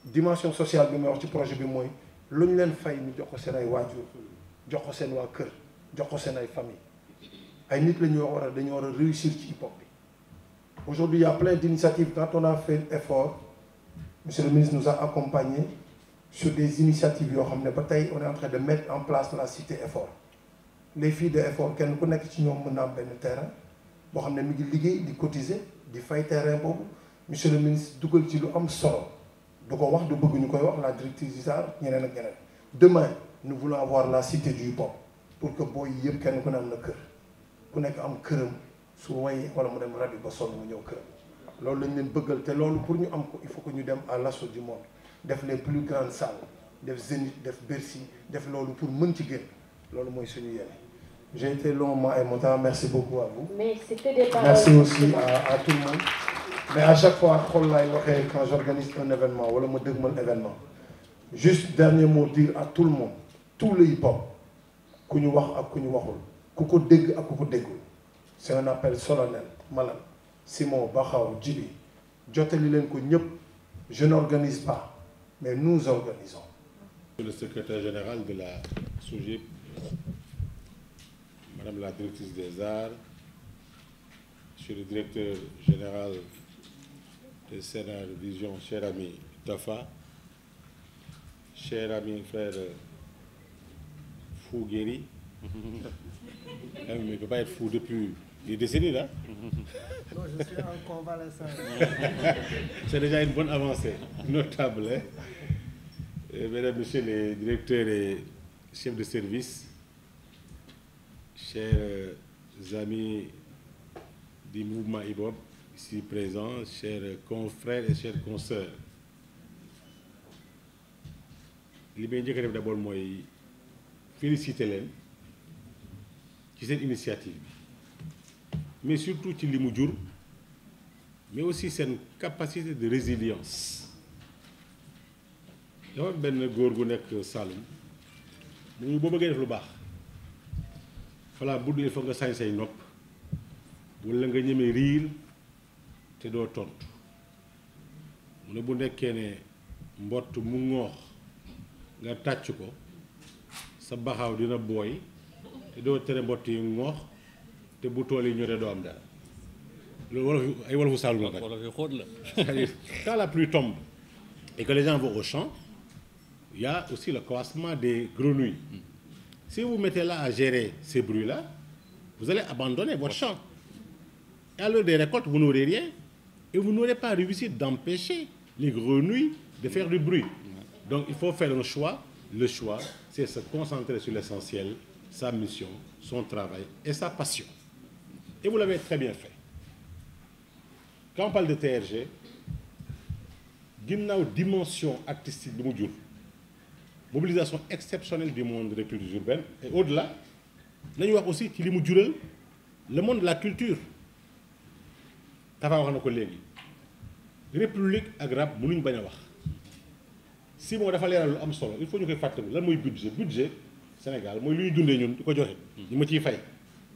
dimension sociale bi muy wax ci projet bi mooy lu ñu leen fay ñu jox ko seen ay waajur jox ko seen waa kër jox ko seen ay famille ay nit lañuy wax war dañu war a réussir ci hip hop bi aujourd'hui il y a plein d'initiatives quand on a fait effort monsieur le ministre nous a accompagnés sur des initiatives yoo xam ne ba tey on est en train de mettre en place la cité effort les fii de effort kenn ku nekk ci ñoom mën na am benn terrain boo xam ne mi ngi liggéey di cotiser di fay terrain boobu monsieur le ministre dugal ci lu am solo du ko wax du bëgg ñu koy wax la directrice du SAR ñeneen ak ñeneen demain nous voulons avoir la cité du hip pour que booy yëpp kenn ku ne am na kër ku nekk am këram su way wala mu dem rabi ba sonn mu ñëw këram loolu lañ leen bëggal te loolu pour ñu am ko il faut que ñu dem à l'assaut du monde def les plus grandes salles def Zénith def Bercy def loolu pour mën ci génn loolu mooy suñu yéene. j'ai été long moi et mon temps merci beaucoup à vous. mais c'était des paroles merci aussi à à tout le monde. mais à chaque fois xol laay waxee quand j'organise un événement wala ma dëgmal événement juste dernier mot dire à tout le monde tout le hip hop ku ñu wax ak ku ñu waxul ku ko dégg ak ku ko déggul c'est un appel solennel malam Simon Baxaw Djibi jottali leen ko ñëpp je n'organise pas mais nous organisons. le secrétaire général de la SOGIP, Madame la directrice des arts, Monsieur le général de Sénat Vision, cher ami Tafa, cher ami frère Fouguéry, mais il ne pas être fou depuis des décennies là. non je c'est déjà une bonne avancée notable hein. Et eh, mesdames, messieurs directeurs et chefs de service, chers euh, amis du mouvement IBOP ici présents, chers confrères et chers consoeurs li may njëkk a def d'abord mooy féliciter leen ci seen initiative mais surtout ci limu jur mais aussi seen capacité de résilience dafa benn góor gu nekk Saloum mu boo bëggee def lu baax falaa bu dul il nga sañ say nopp la nga ñeme riir te doo tontu mu ne bu nekkee ne mbott mu ŋoox nga tàcc ko sa baxaw dina booy te doo tere mbott yi ŋoox te bu tool yi ñoree doo am dara loolu wolof ay wolofu Saalum la nag. wolof yu xóot la. cest à quand la pluie tombe et que les gens vont au champ il y aussi le croissement des grenouilles si vous mettez là à gérer ces bruits là vous allez abandonner votre champ et à l'heure des récoltes vous n'aurez rien et vous n'aurez pas réussi d'empêcher les grenouilles de faire du bruit donc il faut faire un choix le choix c'est se concentrer sur l'essentiel sa mission son travail et sa passion Et vous l'avez très bien fait. Quand on parle de TRG, ginnaaw dimension artistique bi mu jur mobilisation exceptionnelle du monde de la culture urbaine et au-delà nañu wax aussi ci li mu jural le monde la culture dafa wax na ko léegi république ak rab mënuñ bañ a wax si moo dafa leeral lu am solo il faut ñu koy fàttali lan mooy budget budget Sénégal mooy lu ñu dundee ñun di ko joxe. ñu ma ciy fay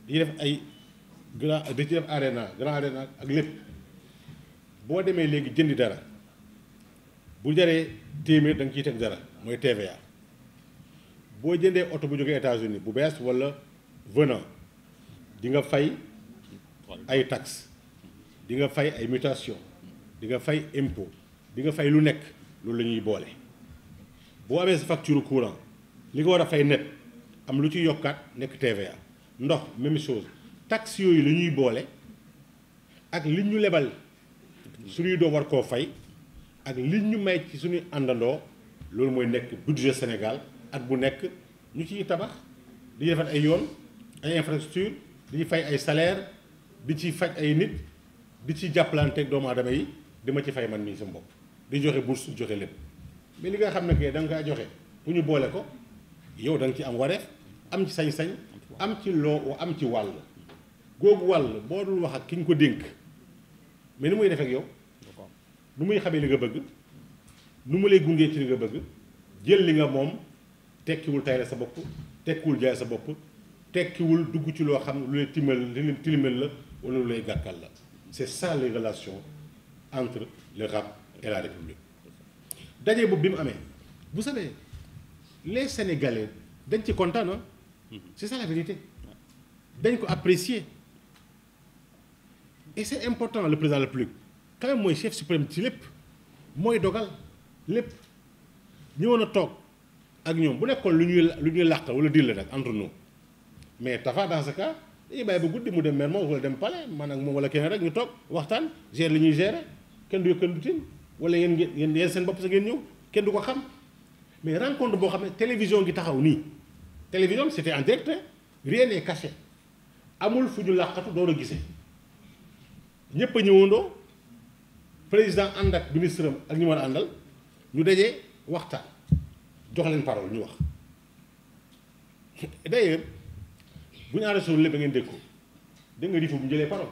di def ay. grand DTF arena grand arena ak lépp boo demee léegi jëndi dara bu jaree téeméer da nga ciy teg dara mooy TVA boo jëndee oto bu jógee États-Unis bu bees wala venant di nga fay ay taxes di nga fay ay mutation di nga fay impo di nga fay lu nekk loolu la ñuy boole boo amee sa facture courant li nga war a fay net am lu ci yokkaat nekk TVA ndox même chose taxe yooyu li ñuy boole ak li ñu lebal suñuy doom war koo fay ak li ñu may ci suñuy àndandoo loolu mooy nekk budget Sénégal at bu nekk ñu ciy tabax di defar ay yoon ay infrastructure di fay ay salaire di ci faj ay nit di ci jàppalanteeg doomu adama yi di ma ci fay man mii sama bopp di joxe bourse joxe lépp mais li nga xam ne kay danga nga joxe bu ñu boole ko yow danga nga ci am wareef am ci sañ-sañ am ci loo am ci wàll googu wàll boo dul wax ak ki ñu ko dénk mais ni muy defeek ak yow nu muy xamee li nga bëgg nu mu lay gungee ci li nga bëgg jël li nga moom tekkiwul tayle sa bopp tekkiwul jaay sa bopp tekkiwul dugg ci loo xam lu lay timal lu lay tilimal la wala lu lay gàkkal la c'est ça les relations entre le rap et république daje boobu bi mu amee bu savez les sénégalais dañ ci kontaan mm-hmm. ci ça la dañ ko apprécier et c' est important le président de la République quand même mooy chef suprême ci lépp mooy dogal lépp ñëwoon a toog ak ñoom bu nekkoon lu ñuy lu ñuy làq wala dil la nag entre nous mais Tafa dans ce cas bàyyi ba guddi mu dem maire moom wala dem pale man ak moom wala keneen rek ñu toog waxtaan gérer li ñuy gérer kenn du kenn du tin wala yen ngeen yéen seen bopp sa ngeen ñëw kenn du ko xam mais rencontre boo xam ne télévision gi taxaw nii télévision c'était en direct rien n'est caché amul fu ñu door a gisee. ñëpp a ñëwandoo président ànd ak ministre am ak ñu mën a àndal ñu dajee waxtaan jox leen parole ñu wax d'ailleurs bu ñu enregistré lépp ngeen dégg ko dégg nga riifu bu ñu jëlee parole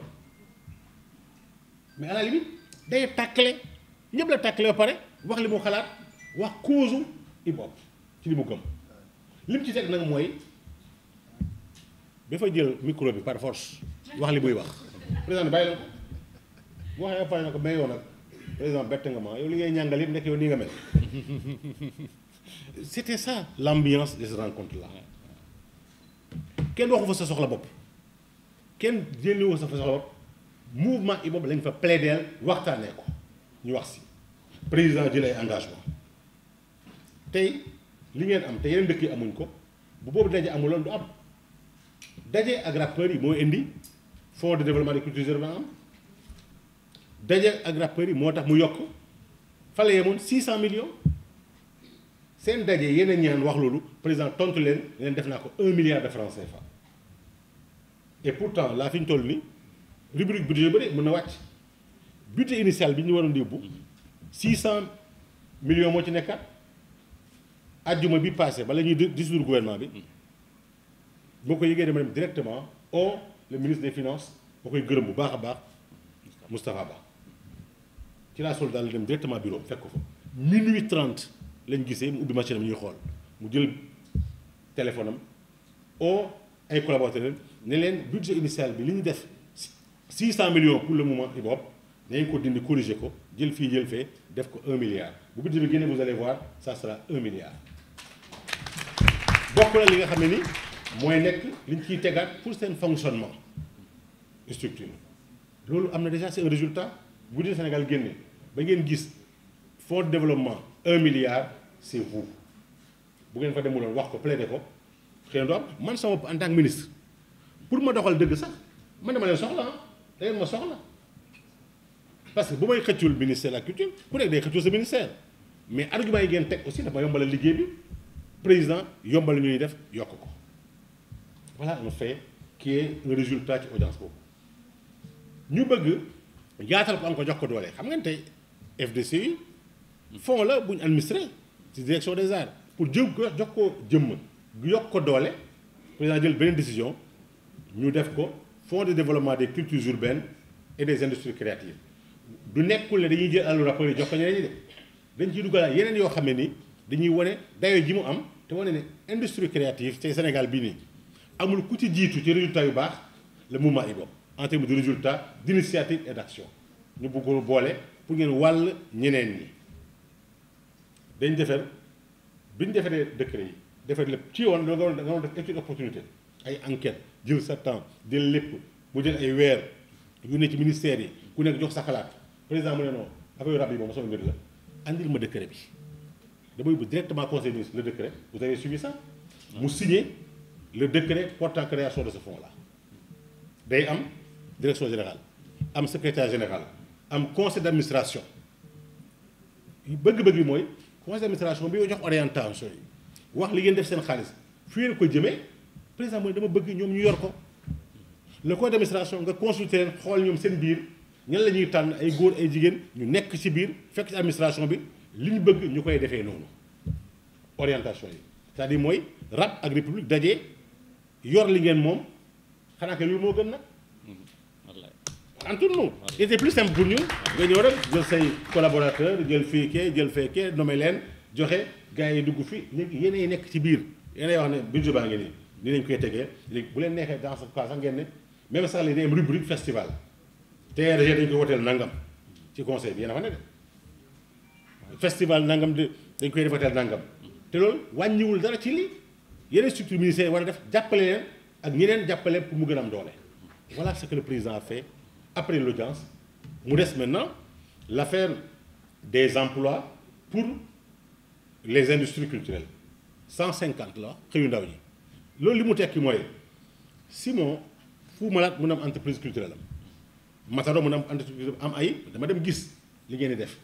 mais à la limite day tàkkale ñëpp la tàkkale ba pare wax li mu xalaat wax cause Ibope ci li mu gëm lim ci teg nag mooy fa jël micro bi par force wax li muy wax président bàyyi la ko. boo waxee pare na ko mais yow nag président bett nga ma yow li ngay ñàngal yëpp nekk yow nii nga mel c'était ça l'ambiance de cette rencontre là kenn waxu fa sa soxla bopp kenn jénli woo sa fa soxla bopp mouvement yi boobu lañ fa plaideel waxtaanee ko ñu wax si président jël ay engagement tey li ngeen am te yeneen dëkk amuñ ko bu boobu daje amuloon du am daje ak rappeurs yi mooy indi fonds de développement des cultures urbaines am daje ak rappeurs yi moo tax mu yokk fa la yemoon 600 millions seen daje yeneen ñaan wax loolu président tontu leen leen def naa ko un milliard de francs CFA et pourtant laa fi ñu toll nii rubrique budget ba de mën na wàcc budget initial bi ñu waroon bu yóbbu 600 million moo ci nekkat ajjuma bi passé bala ñuy dissoudre gouvernement bi boo ko yëgee dama directement au le ministre des finance boo koy gërëm bu baax a baax Moustapha Ba ci laa sol daal dem directement bureau fekk ko fa minuit trente lañ gisee mu ubbi machine am ñuy xool mu jël téléphone am ay collaborateurs ne leen budget initial bi li ñu def 600 millions pour le moment IBOP dañ ko dindi corriger ko jël fii jël fee def ko 1 milliard bu budget bi bu vous allez voir ça sera 1 milliard. bokk na li nga xam ne ni mooy nekk liñ ciy tegaat pour seen fonctionnement structure loolu am na déjà c'est bu budget Sénégal génne ba ngeen gis fonds de développement un milliard c'est vous bu ngeen fa demuloon wax ko plaider ko xëy na du am man sama en tant ministre pour ma doxal dëgg sax man dama leen soxla ah da ngeen ma soxla parce que bu may xëccul ministère de la culture ku nekk day xëccul sa ministère mais argument yi ngeen teg aussi dafa yombalal liggéey bi président yombal ñuy def yokk ko voilà un fait qui un résultat ci audience boobu ñu bëgg. yaatal ko am ko jox ko doole xam ngeen tey FDC yi fonds la bu ñu administré ci direction des arts pour jëm ko jox ko jëmm yokk ko doole président jël beneen décision ñu def ko fonds de développement des cultures urbaines et des industries créatives du nekkul ne dañuy jël àllu rapport yi jox ko ñeneen ñi de dañ ciy dugal yeneen yoo xam ne ni dañuy wane dayo ji mu am te wane ne industrie créative tey Sénégal bii nii amul ku ci jiitu ci résultat yu baax la mouvement yi en termes de résultats d'initiative et d'action ñu bëggoon boole pour ngeen wàll ñeneen ñi dañ defar bi ñu defaree décret yi defar lépp ci yoon da nga da def étude opportunité ay enquête jël sa temps jël lépp mu jël ay weer yu ne ci ministère yi ku nekk jox sa xalaat président mu ne non affaire rab yi moom sama mbir la andil ma décret bi damay yóbbu directement conseil des ministres le décret vous avez mu signer le décret portant création de sa fonds là day am direction générale am secrétaire général am conseil d'administration bëgg-bëgg yi mooy conseil d'administration bi yow jox orientation yi wax li ngeen def seen xaalis fii ngeen ko jëmee président mooy dama bëgg ñoom ñu yor ko le conseil d'administration nga consulter xool ñoom seen biir ñan la ñuy tànn ay góor ay jigéen ñu nekk ci biir fekk ci administration bi li ñu bëgg ñu koy defee noonu orientation yi cest à mooy rab ak république daje yor li ngeen moom xanaa kay moo nag entre nous il était plus simple pour ñun nga ñëw rek jël say collaborateur jël fii kee jël fee kee leen joxe gars yi dugg fi léegi yéenay nekk ci biir yéenay wax ne budget baa ngi nii nii lañ koy tegee léegi bu leen neexee dans ce cas sax ngeen ne même sax léegi day am rubrique festival TRG dañ ko woteel nangam ci conseil bi yéen a fa ne de festival nangam de dañ koy defateel nangam te lool wàññiwul dara ci lii yeneen structure ministère war a def jàppale leen ak ñeneen jàppale pour mu gën am doole voilà ce que le après l'audience mu des maintenant l'affaire des emplois pour les industries culturelles cent cinquante la xëyu ndaw ñi loolu li mu tekki mooy Simon Fou Malade mun am entreprise culturelle am Matador mun am entreprise am ay dama dem gis li ngeen di def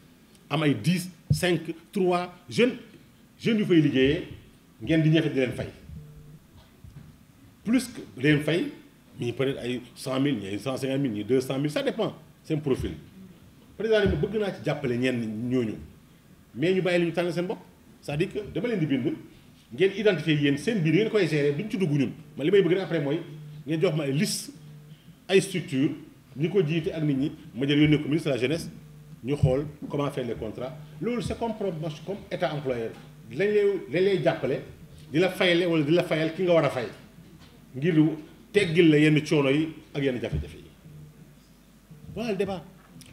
am ay dix cinq trois jeunes jeunes yu fay liggéeyee ngeen di ñeexe di leen fay plus que leen fay ñii peut être ay 100000 ñii ay 150000 ñii 200000 ça dépend seen profil président bi bëgg naa ci jàppale ñenn ñooñu mais ñu bàyyi li ñu tànn seen bopp c'est-à-dire que dama leen di bind ngeen identifier yéen seen biir ngeen koy gérer duñ ci dugg ñun man li may bëgg rek après mooy ngeen jox ma ay liste ay structure ñi ko jiite ak nit ñi ma jël yónnee ko ministre de la jeunesse ñu xool comment faire les contrats loolu c'est comme comme état employeur lañ lay lañ lay jàppale di la fayale di la fayal ki nga war a fay teggil la yenn coono yi ak yenn jafe-jafe yi voilà le débat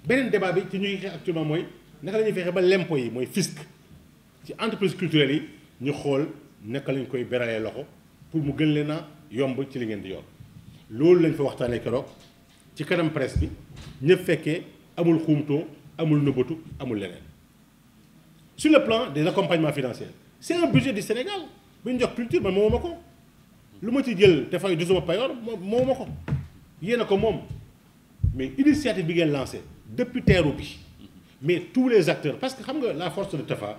beneen débat bi ci ñuy xeex actuellement mooy naka la ñuy ba lempo yi mooy fisc ci entreprise culturelle yi ñu xool nekk lañ koy beralee loxo pour mu gën leen a yomb ci li ngeen di yor loolu lañ fa waxtaanee keroog ci kanam presse bi ñëpp fekkee amul xuumtoo amul nëbbatu amul leneen su le plan des accompagnements financiers c'est un budget du Sénégal bu ñu jox culture man mooma ko lu ma ci jël te fay du suma payoor moo ma ko yéen a ko moom mais initiative bi ngeen lancé depuis teeru bi mais tous les acteurs parce que xam nga la force de Tafa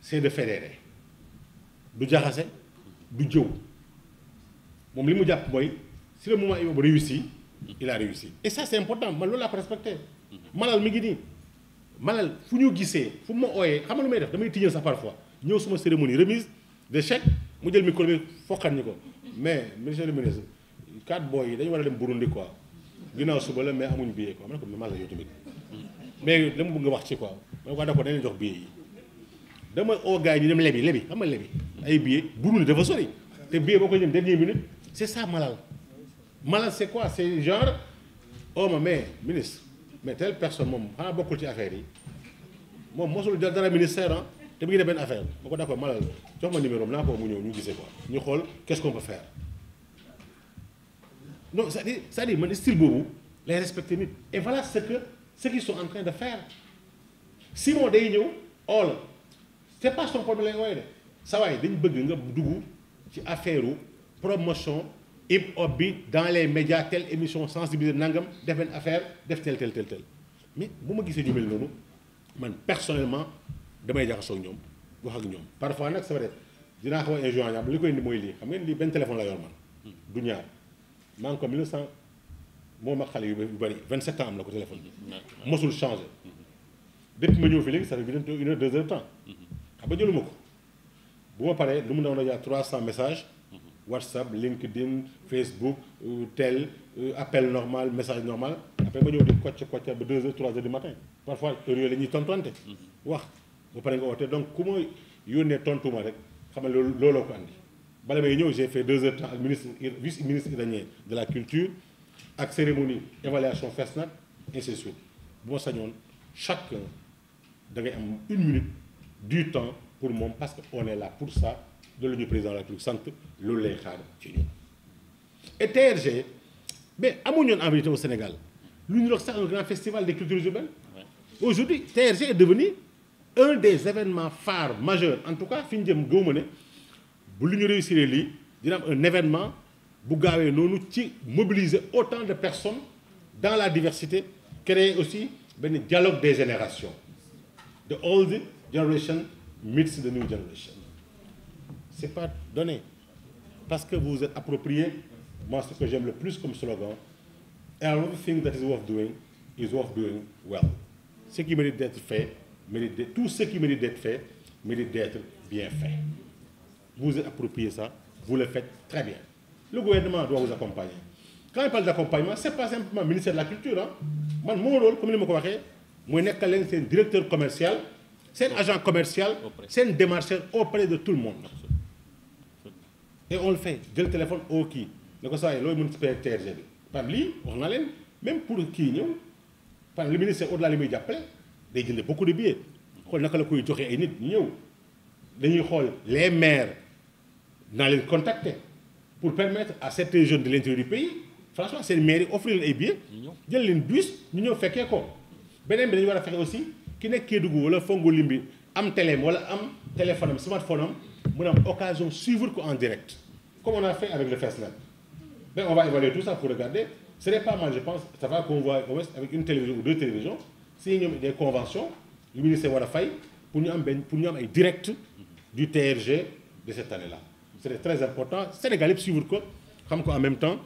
c'est de fédérer du jaxase du jëw moom li mu jàpp mooy si le moment il réussi il a réussi et ça c'est important man loolu laa ko respecté malal mi ngi nii malal fu ñu gisee fu ma ooyee xam nga lu may def damay tijjal sax parfois ñëw suma cérémonie remise de chèque mu jël micro bi fokkan ñu ko mais monsieur le ministre quatre boy yi dañu war a dem Burundi quoi ginnaaw suba la mais amuñ billet quoi ma ne ko man la yow tamit mais dama bëgg nga wax ci quoi ma ne ko d'accord dañ leen jox billet yi dama oo yi ñu dem lebi lebi xam nga lebi ay billet Burundi dafa sori te billet boo ko jëm dernière minute c'est ça malal malal c'est quoi c'est genre oh ma mais ministre mais telle personne moom xanaa bokkul ci affaire yi moom mosul dara ministère ah. te mu ngi def benn affaire ma ko d' accord ma la jox ma numéro naa ko mu ñëw ñu gisee quoi ñu xool qu' est ce qu' on peut faire non c' est à dire man style boobu lay respecté nit et voilà ce que ce train de faire Simon day ñëw oo la c' est bi son lay wooye de saa dañ bëgg nga dugg ci affaire promotion hip hop bi dans les médias telle émission sensibiliser nangam def affaire def tel tel mais bu ma gisee ñu mel noonu man personnellement. damay jaxasoo ak ñoom wax ak ñoom parfois nag c'est vrai dinaa xaw a injoignable li koy indi mooy lii xam ngeen lii benn téléphone la yor du ñaar maa ngi ko cent moom ak xale yu bëri 27 ans am na ko téléphone bi mosul changé depuis ma ñëw fi léegi ça fait bientôt une heure deux heures de temps mm-hmm. xam nga jëluma ko bu ma paree lu mu ndaw na yaa 300 messages mm-hmm. whatsapp linkedin facebook euh, tel euh, appel normal message normal après ma ñëw di kocc kocc ba 2 heures 3 heures du matin parfois heure la ñuy tontante mm-hmm. wax boo pare nga woote donc ku ma yónnee tontuma rek xam nga loolu looloo ko andi bala may ñëw j'ai fait deux heures temps ak ministre vice iranien de la culture ak cérémonie évaluation FESNAC ainsi de suite bu ma sañoon chaque da ngay am une minute du temps pour moom parce que on est là pour ça loolu la ñu président de la République sant loolu lay xaar ci ñun. et TRG mais amuñu woon au Sénégal lu ñu doon sax un grand festival des cultures urbaines. aujourd'hui un des événements far majeurs en tout cas fi ñu jëm góoma ne bu lu ñu réussir lii dina un événement bu gaawee noonu ci mobiliser autant de personnes dans la diversité créer aussi benn dialogue des générations the old generation meets the new generation c'est pas donné parce que vous vous êtes approprié moi ce que j'aime le plus comme slogan everything that is worth doing is worth doing well ce qui mérite d'être fait mérite tout ce qui mérite d'être fait mérite d'être bien fait. Vous vous appropriez sa vous le faites très bien. Le gouvernement doit vous accompagner. Quand on parle d'accompagnement, ce n'est pas simplement le ministère de la Culture. Hein. Moi, mon rôle, comme je le dis, c'est seen directeur commercial, c'est un agent commercial, c'est un démarcheur auprès de tout le monde. Et on le fait, dès le téléphone au qui. Donc ça, c'est ce que je Par lui, on a même pour qui, le ministère au-delà de médias day jënd beaucoup de billets xool naka la koy joxe ay nit ñëw dañuy xool les maires naa leen contacter pour permettre à certains jeunes de l'intérieur du pays franchement seen maire yi offrir leen ay billets jël leen bus ñu ñëw fekkee ko beneen bi dañu war a fexe aussi ki nekk Kédougou wala Fongolimbi bi am téléem wala am téléphone am smartphone am mun a am occasion suivre ko en direct comme on a fait avec le FESNAC mais on va évaluer tout ça pour regarder ce n'est pas signé ñoom des conventions yu ministère war a fay pour ñu am benn pour ñu am ay direct du TRG de cette année là c'est très important Sénégal yëpp suivre ko xam ko en même temps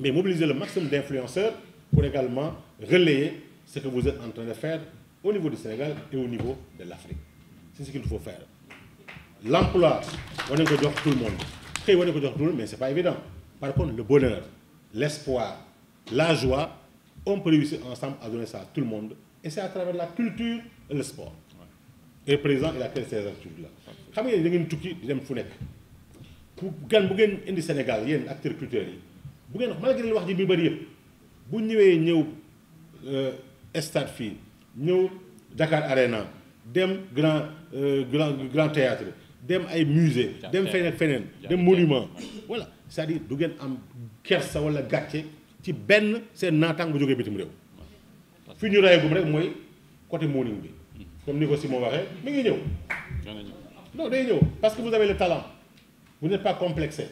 mais mobiliser le maximum d'influenceurs pour également relayer ce que vous êtes en train de faire au niveau du Sénégal et au niveau de l'Afrique c'est ce qu'il faut faire l'emploi war nañ ko jox tout le monde xëy war nañ jox mais c'est le bonheur la joie on peut réussir ensemble à donner ça à tout le monde et c'est à travers la culture et le sport et président il a créé ces activités là xam ngeen da ngeen tukki di dem fu nekk bu gan bu ngeen indi Sénégal yéen acteurs culturels yi bu ngeen malgré leen wax ji bi bëri yëpp bu ñëwee ñëw euh, stade fii ñëw Dakar Arena dem grand euh, grand théâtre dem ay musée dem feneen feneen dem monument voilà cest dire du ngeen am sa wala gàcce ci benn seen naataang bu jógee bitim réew fi ñu rayagum rek mooy côté morning bi comme ni ko moo waxee mi ngi ñëw. non day ñëw parce que vous avez le talent bu n'êtes pas complexé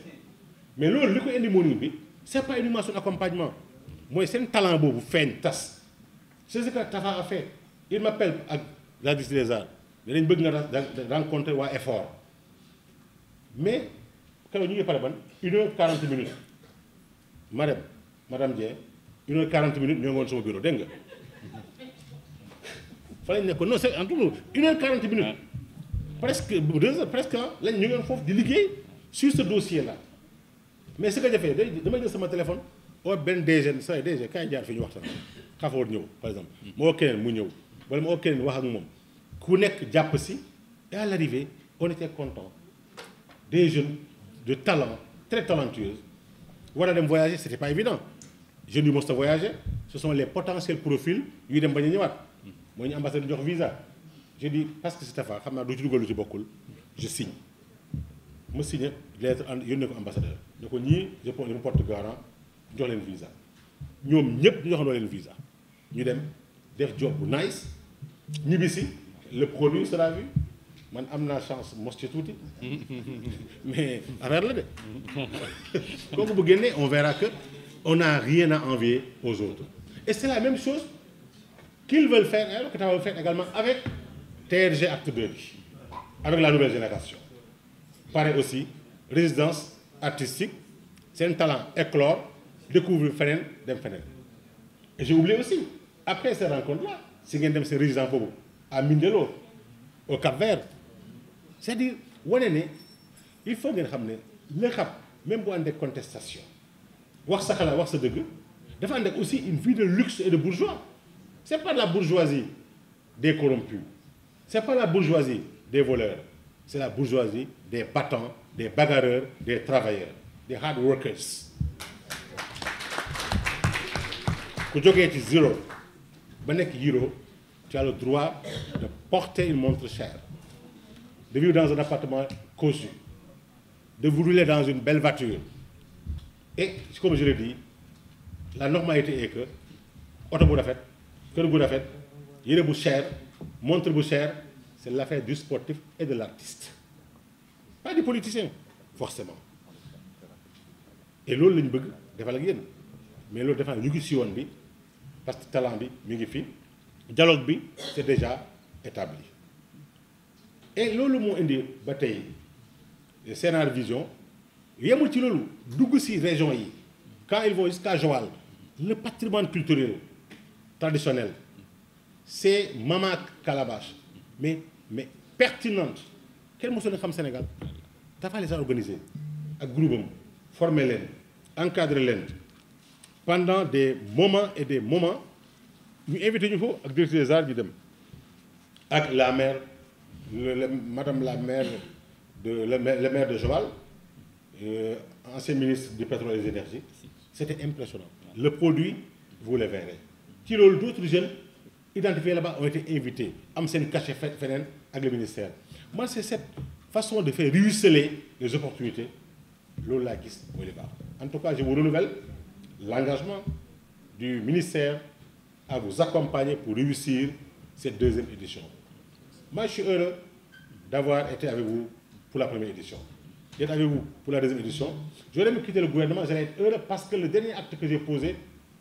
mais loolu li ko indi morning bi c'est pas uniquement son accompagnement mooy seen talent boobu feeñ tas c'est ce que Tafa a fait il m'appelle ak Jardin des danañ bëgg nga rencontrer waa effort mais kaw ñu ngi pare ban une heure quarante minutes ma dem madame Dieng une heure quarante minutes ñoo ngi woon sama bureau dégg nga. fa lañ nekkoon no c'est en tout une heure quarante minutes ah. presque deux heures presque ah, lañ ñu ngeen foofu di liggéey sur ce dossier là mais su ko defee day damay jël sama téléphone oo benn DG say DG kaay jaar fi ñu waxtaan xafoor ñëw par exemple ma woo keneen mu ñëw wala ma woo keneen wax ak moom ku nekk jàpp si et à l'arrivée on était content des jeunes de talent très talentueuses war a dem voyager c'était pas évident jeunes yu mos a ce sont les potentiels profils yu dem bañ a ñëwaat mooy ñu ambassadeur jox visa je dis parce que Sitapha xam naa du ci lu ci bokkul je signe ma signé lettre and yónnee ko ambassadeur ne ko ñii je porte garant jox leen visa ñoom ñëpp ñu joxandoo leen visa ñu dem def job bu nice ñibbisi le produit sera vu man am naa chance mos ci tuuti mais affaire la de kooku bu génnee on verra que on n'a rien à envier aux autres Et c'est la même chose qu'ils veulent faire, que tu vas faire également avec TRG Acte 2, avec la nouvelle génération. Pareil aussi, résidence artistique, c'est un talent éclore, découvrir Fenen, d'un Fenen. Et j'ai oublié aussi, après ces rencontres-là, c'est que c'est résident pour vous, à Mindelo, au Cap-Vert. C'est-à-dire, il faut ngeen que vous sachiez, même si on a des wax sa xalaat wax sa dëgg dafa ànd aussi une vie de luxe et de bourgeois c'est pas la bourgeoisie des corrompus c'est pas la bourgeoisie des voleurs c'est la bourgeoisie des battants des bagarreurs des travailleurs des hard workers ku jógee ci zéro ba nekk hero tu as le droit de porter une montre chère de vivre dans un appartement cossu de vous rouler dans une belle voiture et comme je l'ai dit la normalité est que oto bu rafet kër bu rafet yére bu cher montre bu cher c'est l'affaire du sportif et de l'artiste pas du politicien forcément et loolu lañu bëgg defal ak yéen mais loolu defal ñu ngi si woon bi parce que talent bi mi ngi fi dialogue bi c'est déjà établi et loolu moo indi ba tey Sénar Vision yemul ci loolu dugg si région yi quand ils vont jusqu'à Joal le patrimoine culturel traditionnel c'est Mama Calabash mais mais pertinente kenn mosu leen xam Sénégal dafa les a organisé ak groupe am formé leen encadré leen pendant des moments et des moments ñu invité ñu foofu ak directeur des arts dem ak la maire madame la maire de le maire de Joal euh, ancien ministre du pétrole et des énergies c'était impressionnant le produit vous le verrez ci lool d'autres jeunes identifiés là ont été invités am seen cachet feneen ak le ministère man c'est cette façon de faire ruisseler les opportunités loolu laa gis mooy en tout cas je vous renouvelle l'engagement du ministère à vous accompagner pour réussir cette deuxième édition marché je suis heureux d'avoir été avec vous pour la première édition d'être avec vous pour la deuxième édition. Je vais même quitter le gouvernement, j'allais être heureux parce que le dernier acte que j'ai posé,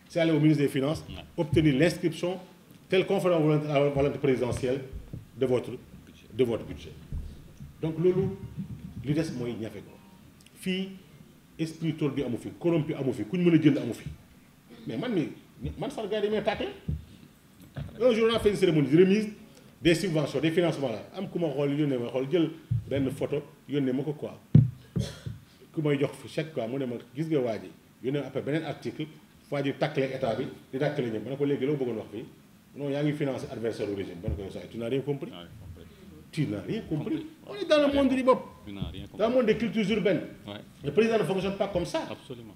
c'est aller au ministre des Finances, obtenir l'inscription, telle conférence volonté présidentielle de votre, budget. Donc, loolu li des mooy ñafe ko fii esprit tool bi amu fi corrompu amu fi ku ñu mën a jënd amu fi mais man mi man sargaay dañu un jour a fait une cérémonie de remise des subventions des financements la am ku ma xool yónnee ma xool jël benn photo yónnee ma ko quoi ku may jox fi chèque quoi mu ne ma gis nga waa ji yónnee ma après beneen article waa ji tàkkale état bi di tàkkale ñoom ma ne ko léegi loo bëggoon wax fii non yaa ngi finance adversaire au régime ne ko yow saa tu rien compris ah, tu rien compris on est monde du bopp dans le monde des cultures urbaines le président ne fonctionne pas comme ça absolument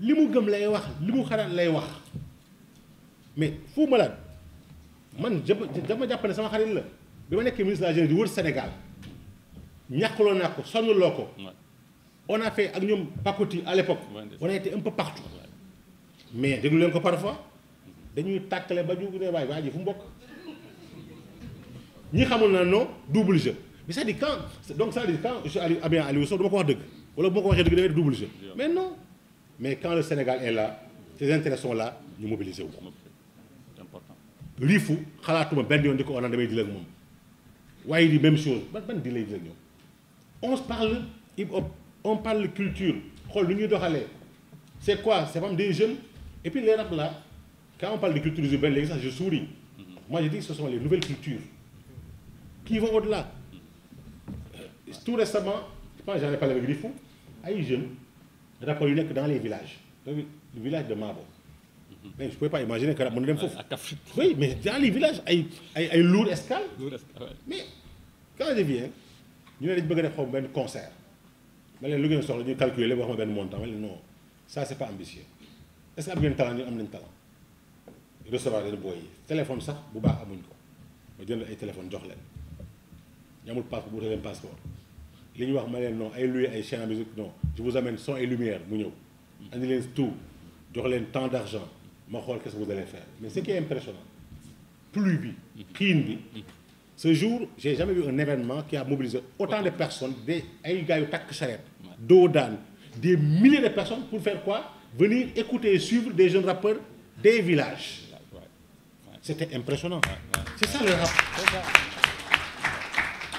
li mu gëm lay wax li mu xalaat lay wax mais Fou Malade man dama jàpp ne sama xarit la bi ma nekkee ministre de la jeunesse di wër Sénégal ñàkkuloo naa ko sonnuloo ko. on a ak ñoom pacoti à l'époque on a été un peu mais déglu leen ko parfois dañuy tàkkale ba ñu ne waay waa ji fu mu bokk ñi xamul na non double jeu mais c'est-à-dire quand donc c'est-à-dire quand je suis Abien ah Aliou Sow du ko wax dëgg wala bu ma ko waxee dëgg dafay double jeu mais non mais quand le Sénégal est là ces intérêts sont là ñu mobiliser wu ko riifu xalaatuma benn yoon di ko moom waaye di même chose ban ban di lay dil ak ñoom on se parle on parle culture xool lu ñuy doxale c' est quoi c' est pas des jeunes et puis les rap là quand on parle de culture urbaine léegi sax je souris mm-hmm. moi je dis que ce sont les nouvelles cultures qui vont au-delà euh, tout récemment je pense j'en ai parlé avec Rifou ay jeunes rappeurs yu nekk dans les villages le village de Mabo Mm-hmm. mais je pouvais pas imaginer que mën ay Lour Escale. Lour mais quand je ñu ne dañu bëgg def xaw benn concert ma leen lu ngeen soxla ñu calculer leen wax ma benn montant ma leen non ça c' am ñu am nañ talent recevoir leen booy yi téléphone sax bu baax amuñ ko ma jënd ay téléphone jox leen ñu amul bu leen passeport li ñu wax ma leen non ay loué ay chain musique non je vous amène son et lumière mu ñëw andi leen tout jox leen temps d' argent. ma xool qu'est-ce que vous allez faire mais ce qui est impressionnant pluie bi xiin bi ce jour j'ai jamais vu un événement qui a mobilisé autant de personnes des ay gars yu takk charrette des milliers de personnes pour faire quoi venir écouter et suivre des jeunes rappeurs des villages c'était impressionnant c'est ça le rap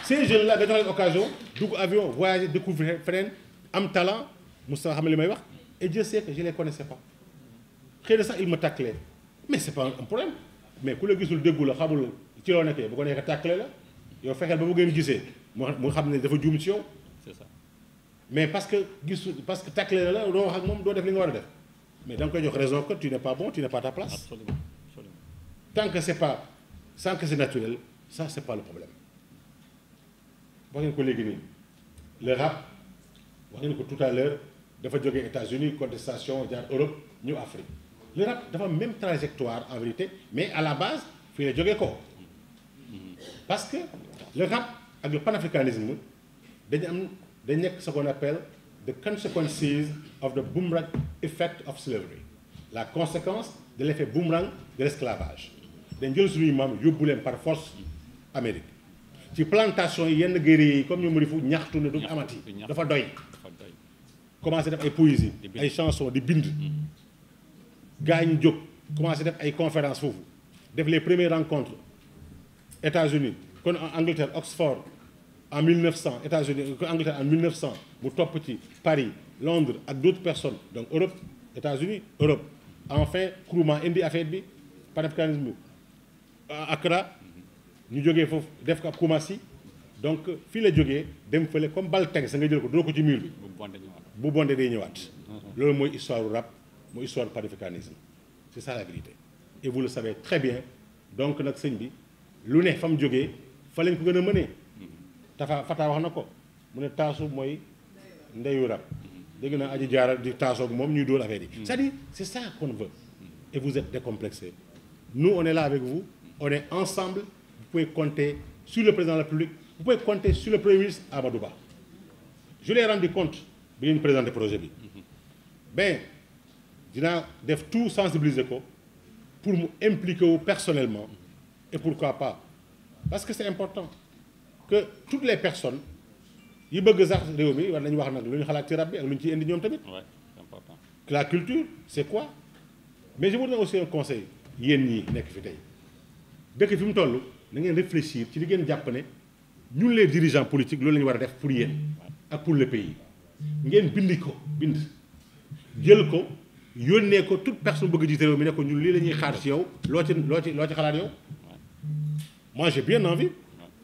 ces jeunes là nga jox leen occasion dugg avion voyager découvrir feneen am talent Moustapha xam ne wax et je les xëy sax il ma tàkkale mais c'est mais ku la gisul la xamul ci loo nekkee ko nekkee tàkkale la yow fexeel ba mu ngeen gisee mu xam ne dafa juum ci yow. c'est ça mais parce que gisul parce que tàkkale la doo ak moom doo def li nga war a def mais da koy jox raison que tu n'es pas bon tu n'es pas tant que c'est pas tant que c'est naturel ça c'est pas le problème. wax ngeen ko léegi nii le rap wax ngeen ko tout à l'heure dafa jóge États-Unis contestation jaar Europe ñëw Afrique. le rap dafa même trajectoire en vérité mais à la base fii la jógee ko parce que le rap ak le panafricanisme dañu am dañ nekk ce qu'on appelle the consequences of the boomerang effect of slavery la conséquence de l'effet boomerang de l'esclavage dañ jël suñuy maam yóbbu leen par force Amérique ci plantation yi yenn guerriers yi comme ñu mu fu ñaxtu ne du amati dafa doy commencé def ay poésie ay chansons di bind mm-hmm. gaa ñu jóg commencé def ay conférences foofu def les premier rencontre États-Unis kon en Angleterre Oxford en 1900 États-Unis kon Angleterre en 1900 mu topp ci Paris Londres ak d'autres personnes donc Europe États-Unis Europe. enfin Kourouma indi affaire bi panafricanisme akra ñu jógee foofu def ko ab Koumassi donc fii la jógee dem fële comme bal teg sa nga jël ko doo ko ci mur bi bu bondé day ñëwaat mm-hmm. loolu mooy histoire rap. mu histoire panafricanisme c'est ça la vérité et vous le savez très bien donc nag sëñ bi lu ne fa mu jógee fale lañ ko gën a mënee tafa Fata wax na ko mu ne taasu mooy ndeyu rab dégg naa aji jaara di taasoog moom ñuy dóor affaire yi c'est-à-dire c'est ça qu'on veut et vous êtes décomplexé nous on avec vous on ensemble vous pouvez compter sur le président de la République vous pouvez compter sur le premier ministre Amadou Ba je l'ai rendu compte bi ngeen présenté projet bi ben dinaa def tout sensibiliser ko pour mu impliquer wu personnellement et pourquoi pas parce que c'est important que toutes les personnes yi bëgg sax réew mi war nañu wax nag lu ñu xalaat ci rab bi ak lu ñu ci indi ñoom tamit. ouais c'est la culture c'est quoi mais je vous donne aussi un conseil yéen ñi nekk fi tey dëkk fi mu toll na ngeen réfléchir ci li ngeen jàpp ne ñun les dirigeants politiques loolu la ñu war a def pour yéen ak pour le pays ngeen bind ko bind jël ko. yónnee ko toute personne bëgg jiite réew mi ne ko ñu lii la ñuy xaar ci yow loo ci loo ci loo ci xalaat yow moi j'ai bien envie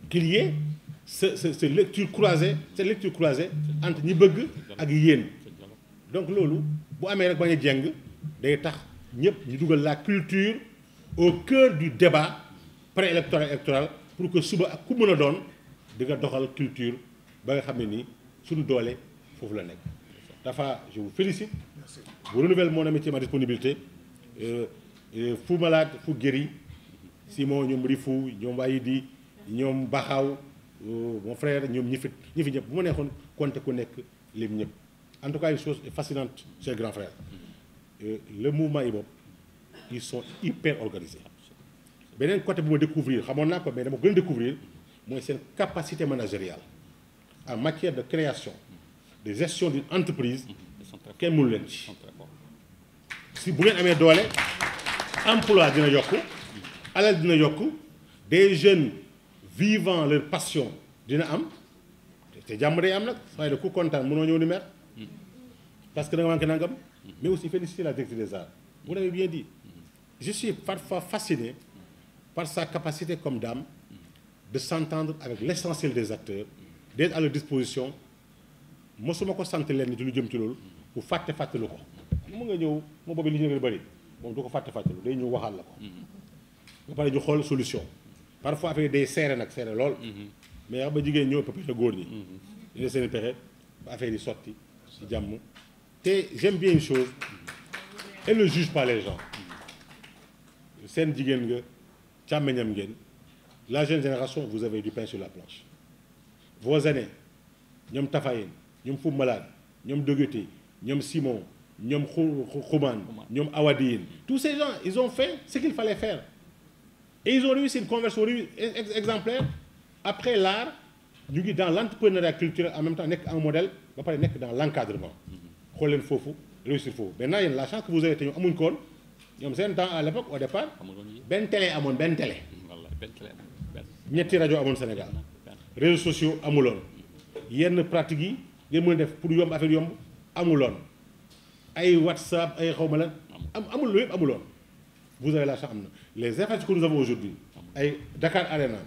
qu'il y ait ce ce ce lecture croisée cette lecture croisée entre ñi bëgg ak yéen donc loolu bu amee rek bañ a jeng day tax ñëpp ñu dugal la culture au cœur du débat préélectoral électoral pour que suba ak ku mën a doon di nga doxal culture ba nga xam ne nii suñu doole foofu la nekk dafa je félicite Je renouvelle mon amitié, ma disponibilité. Euh, euh, fou malade, fou guéri. Simon, nous Rifou, nous Waïdi, nous Bahaou, euh, mon frère, nous Nifit. Nifit, vous m'avez compte connect les miens. En tout cas, une chose fascinante, chers grands frères. Euh, le mouvement IBOP, ils sont hyper beneen côté bu ma découvrir xamoon naa ko mais dama gën découvrir mooy seen capacité managériale en matière de création de gestion d'une entreprise kenn mënu leen ci si bu ngeen amee doole emploi dina yokk alal dina yokk des jeunes vivant leur passion dina am te jàmm day am nag waaye da ku kontaan mënoo ñëw ni parce que da nga manqué nangam mais aussi féliciter la directrice des arts vous l'avez bien dit je suis parfois fasciné par sa capacité comme dame de s'entendre avec l'essentiel des acteurs d'être à leur disposition mosuma ko sant leen ni ci lu jëm ci loolu bu fàtte fàttalu ko mu nga ñëw mu boobu li ci nekk bëri moom du ko fàtte fàttalu day ñëw waxal la ko mm-hmm. ba pare ñu xool solution parfois affaire day seere nag seere lool mm-hmm. mais yax ba jigéen ñoo ëpp góor ñi ñu mm-hmm. seen pexe ba affaire yi sotti ci jàmm te j'aime bien une chose elle ne juge pas les gens seen jigéen nga càmmeñam ngeen la jeune génération vous avez du pain sur la planche vos années ñoom Tafayen ñoom Fou Malade ñoom Dogoté ñoom Simon ñoom Xuman ñoom Awadiyin tous ces gens ils ont fait ce qu'il fallait faire et ils ont réussi une conversion exemplaire après l'art ñu ngi dans l'entrepreneuriat culturel en même temps nekk un ba pare nekk dans l'encadrement xool leen foofu réussir foofu maintenant yéen la chance que vous avez te ñoom amuñ koon ñoom seen temps à l'époque au départ benn télé amoon benn télé ñetti rajo amoon Sénégal réseaux sociaux amuloon yenn pratiques yi ngeen mën a def pour yomb affaire yomb amuloon ay whatsapp ay xawma la am amul loolu yëpp amuloon vous avez la chance am na les infrastructures que nous avons aujourd'hui ay Dakar Arena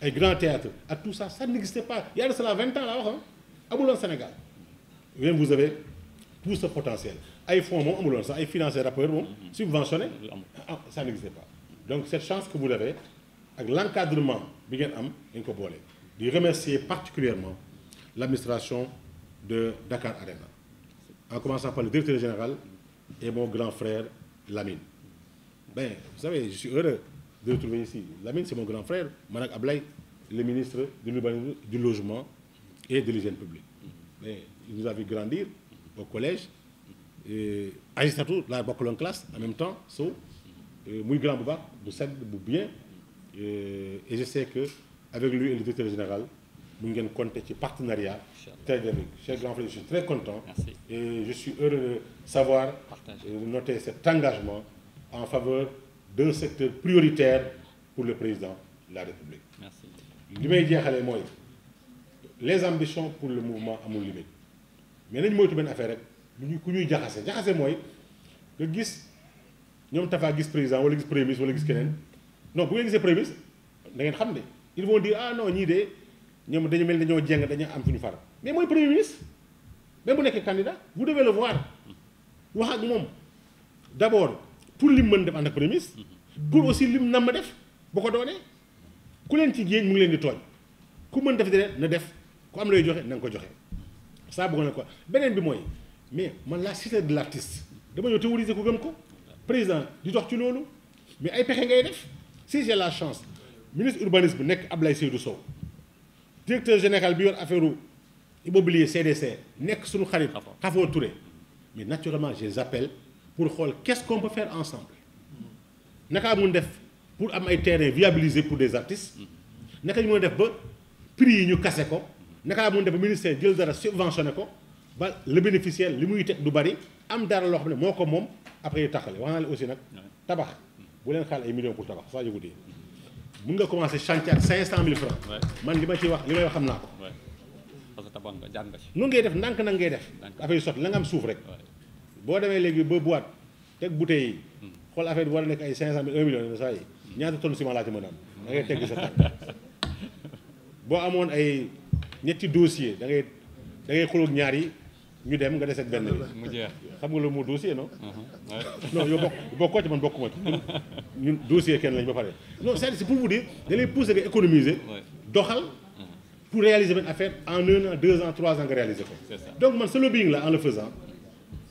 ay grand théâtre ak tout ça ça n'existait pas il y vingt ans laa wax ah. amuloon Sénégal même vous avez tout ce potentiel ay fonds moom amuloon sax ay financiers rappeurs moom subventionné ah ça n'existait pas donc cette chance que vous avez ak l'encadrement bi ngeen am ngeen ko boole di remercier particulièrement l'administration de Dakar Arena en commençant par le directeur général et mon grand frère Lamine. Ben, vous savez, je suis heureux de retrouver ici. Lamine, c'est mon grand frère, Manak Ablaye, le ministre de l'urbanisme, du logement et de l'hygiène publique. Ben, il nous a vu grandir au collège. Et, à Istanbul, en classe, en même temps, so, euh, muy grand bu baax bu sedd bu bien euh, et je sais que avec lui et le directeur général mu ngeen compter ci partenariat. très bien cher grand frère je suis très content. Merci. et je suis heureux de savoir. Partager. cet engagement en faveur d'un secteur prioritaire pour le président la République. merci li may jeexalee mooy les ambitions pour le mouvement amul limite mais nañ moytu benn affaire rek lu ku ñuy jaxase jaxase mooy nga gis ñoom tafaa gis président wala gis premier ministre gis keneen no bu ngeen gisee premier ministre xam ne ils vont dire ah non ñii ñoom dañu mel dañoo jeng dañu am fu ñu far mais mooy premier ministre même bu nekkee candidat vous devez le voir wax ak moom d' abord pour lim mën def ànd ak premier ministre pour aussi lim nam ma def bu ko doonee ku leen ci géej mu ngi leen di tooñ ku mën def dina na def ku am lay joxe na ko joxe saa bëggoon na ko beneen bi mooy mais man la cité de l' artiste dama ñëw théoriser ko gëm ko président di dox ci loolu mais ay pexe ngay def si j'ai la chance ministre urbanisme nekk Ablaye Seydou Sow directeur général bi yor affaire immobilier CDC nekk suñu xarit Xafo Touré mais naturellement je les pour xool qu'est-ce qu'on fair faire ensemble naka mun def pour am ay terrain viabilisé pour des artistes naka ñu mën a def ba prix yi ñu kase ko naka mun def ba ministère jël dara subventionné ko ba le bénéficiaire li muy teg du bari am dara loo xam ne moo ko moom après yu taxale wax naa leen aussi nag tabax bu leen xaal ay millions pour tabax ça je mun nga commencé chantier ak 500000 francs man li ma ciy wax li may wax xam naa ko. parce que tabax nga jàng ci. nu ngay def ndànk nag ngay def. affaire yu sotti la nga am suuf rek. boo demee léegi ba bu waat teg bouteille yi. Hmm. xool affaire bi war a nekk ay 500000 1 million saa yi hmm. ñaata tonne ciment laa ci mën a am da ngay tegg sa tànk boo amoon ay ñetti dossier da ngay da ngay xool ak ñaar yi. ñu dem nga deseet benn bi mu jeex xam nga loolu moo dossier non uh-huh. non yow bokk bokkoo ci man bokk ma ci ñun dossier kenn lañ ba pare non c'est pour vous dire da lay pousser nga économiser doxal uh-huh. pour réaliser benn affaire en un an deux ans trois ans nga réaliser ko donc man sa lobbying la en le faisant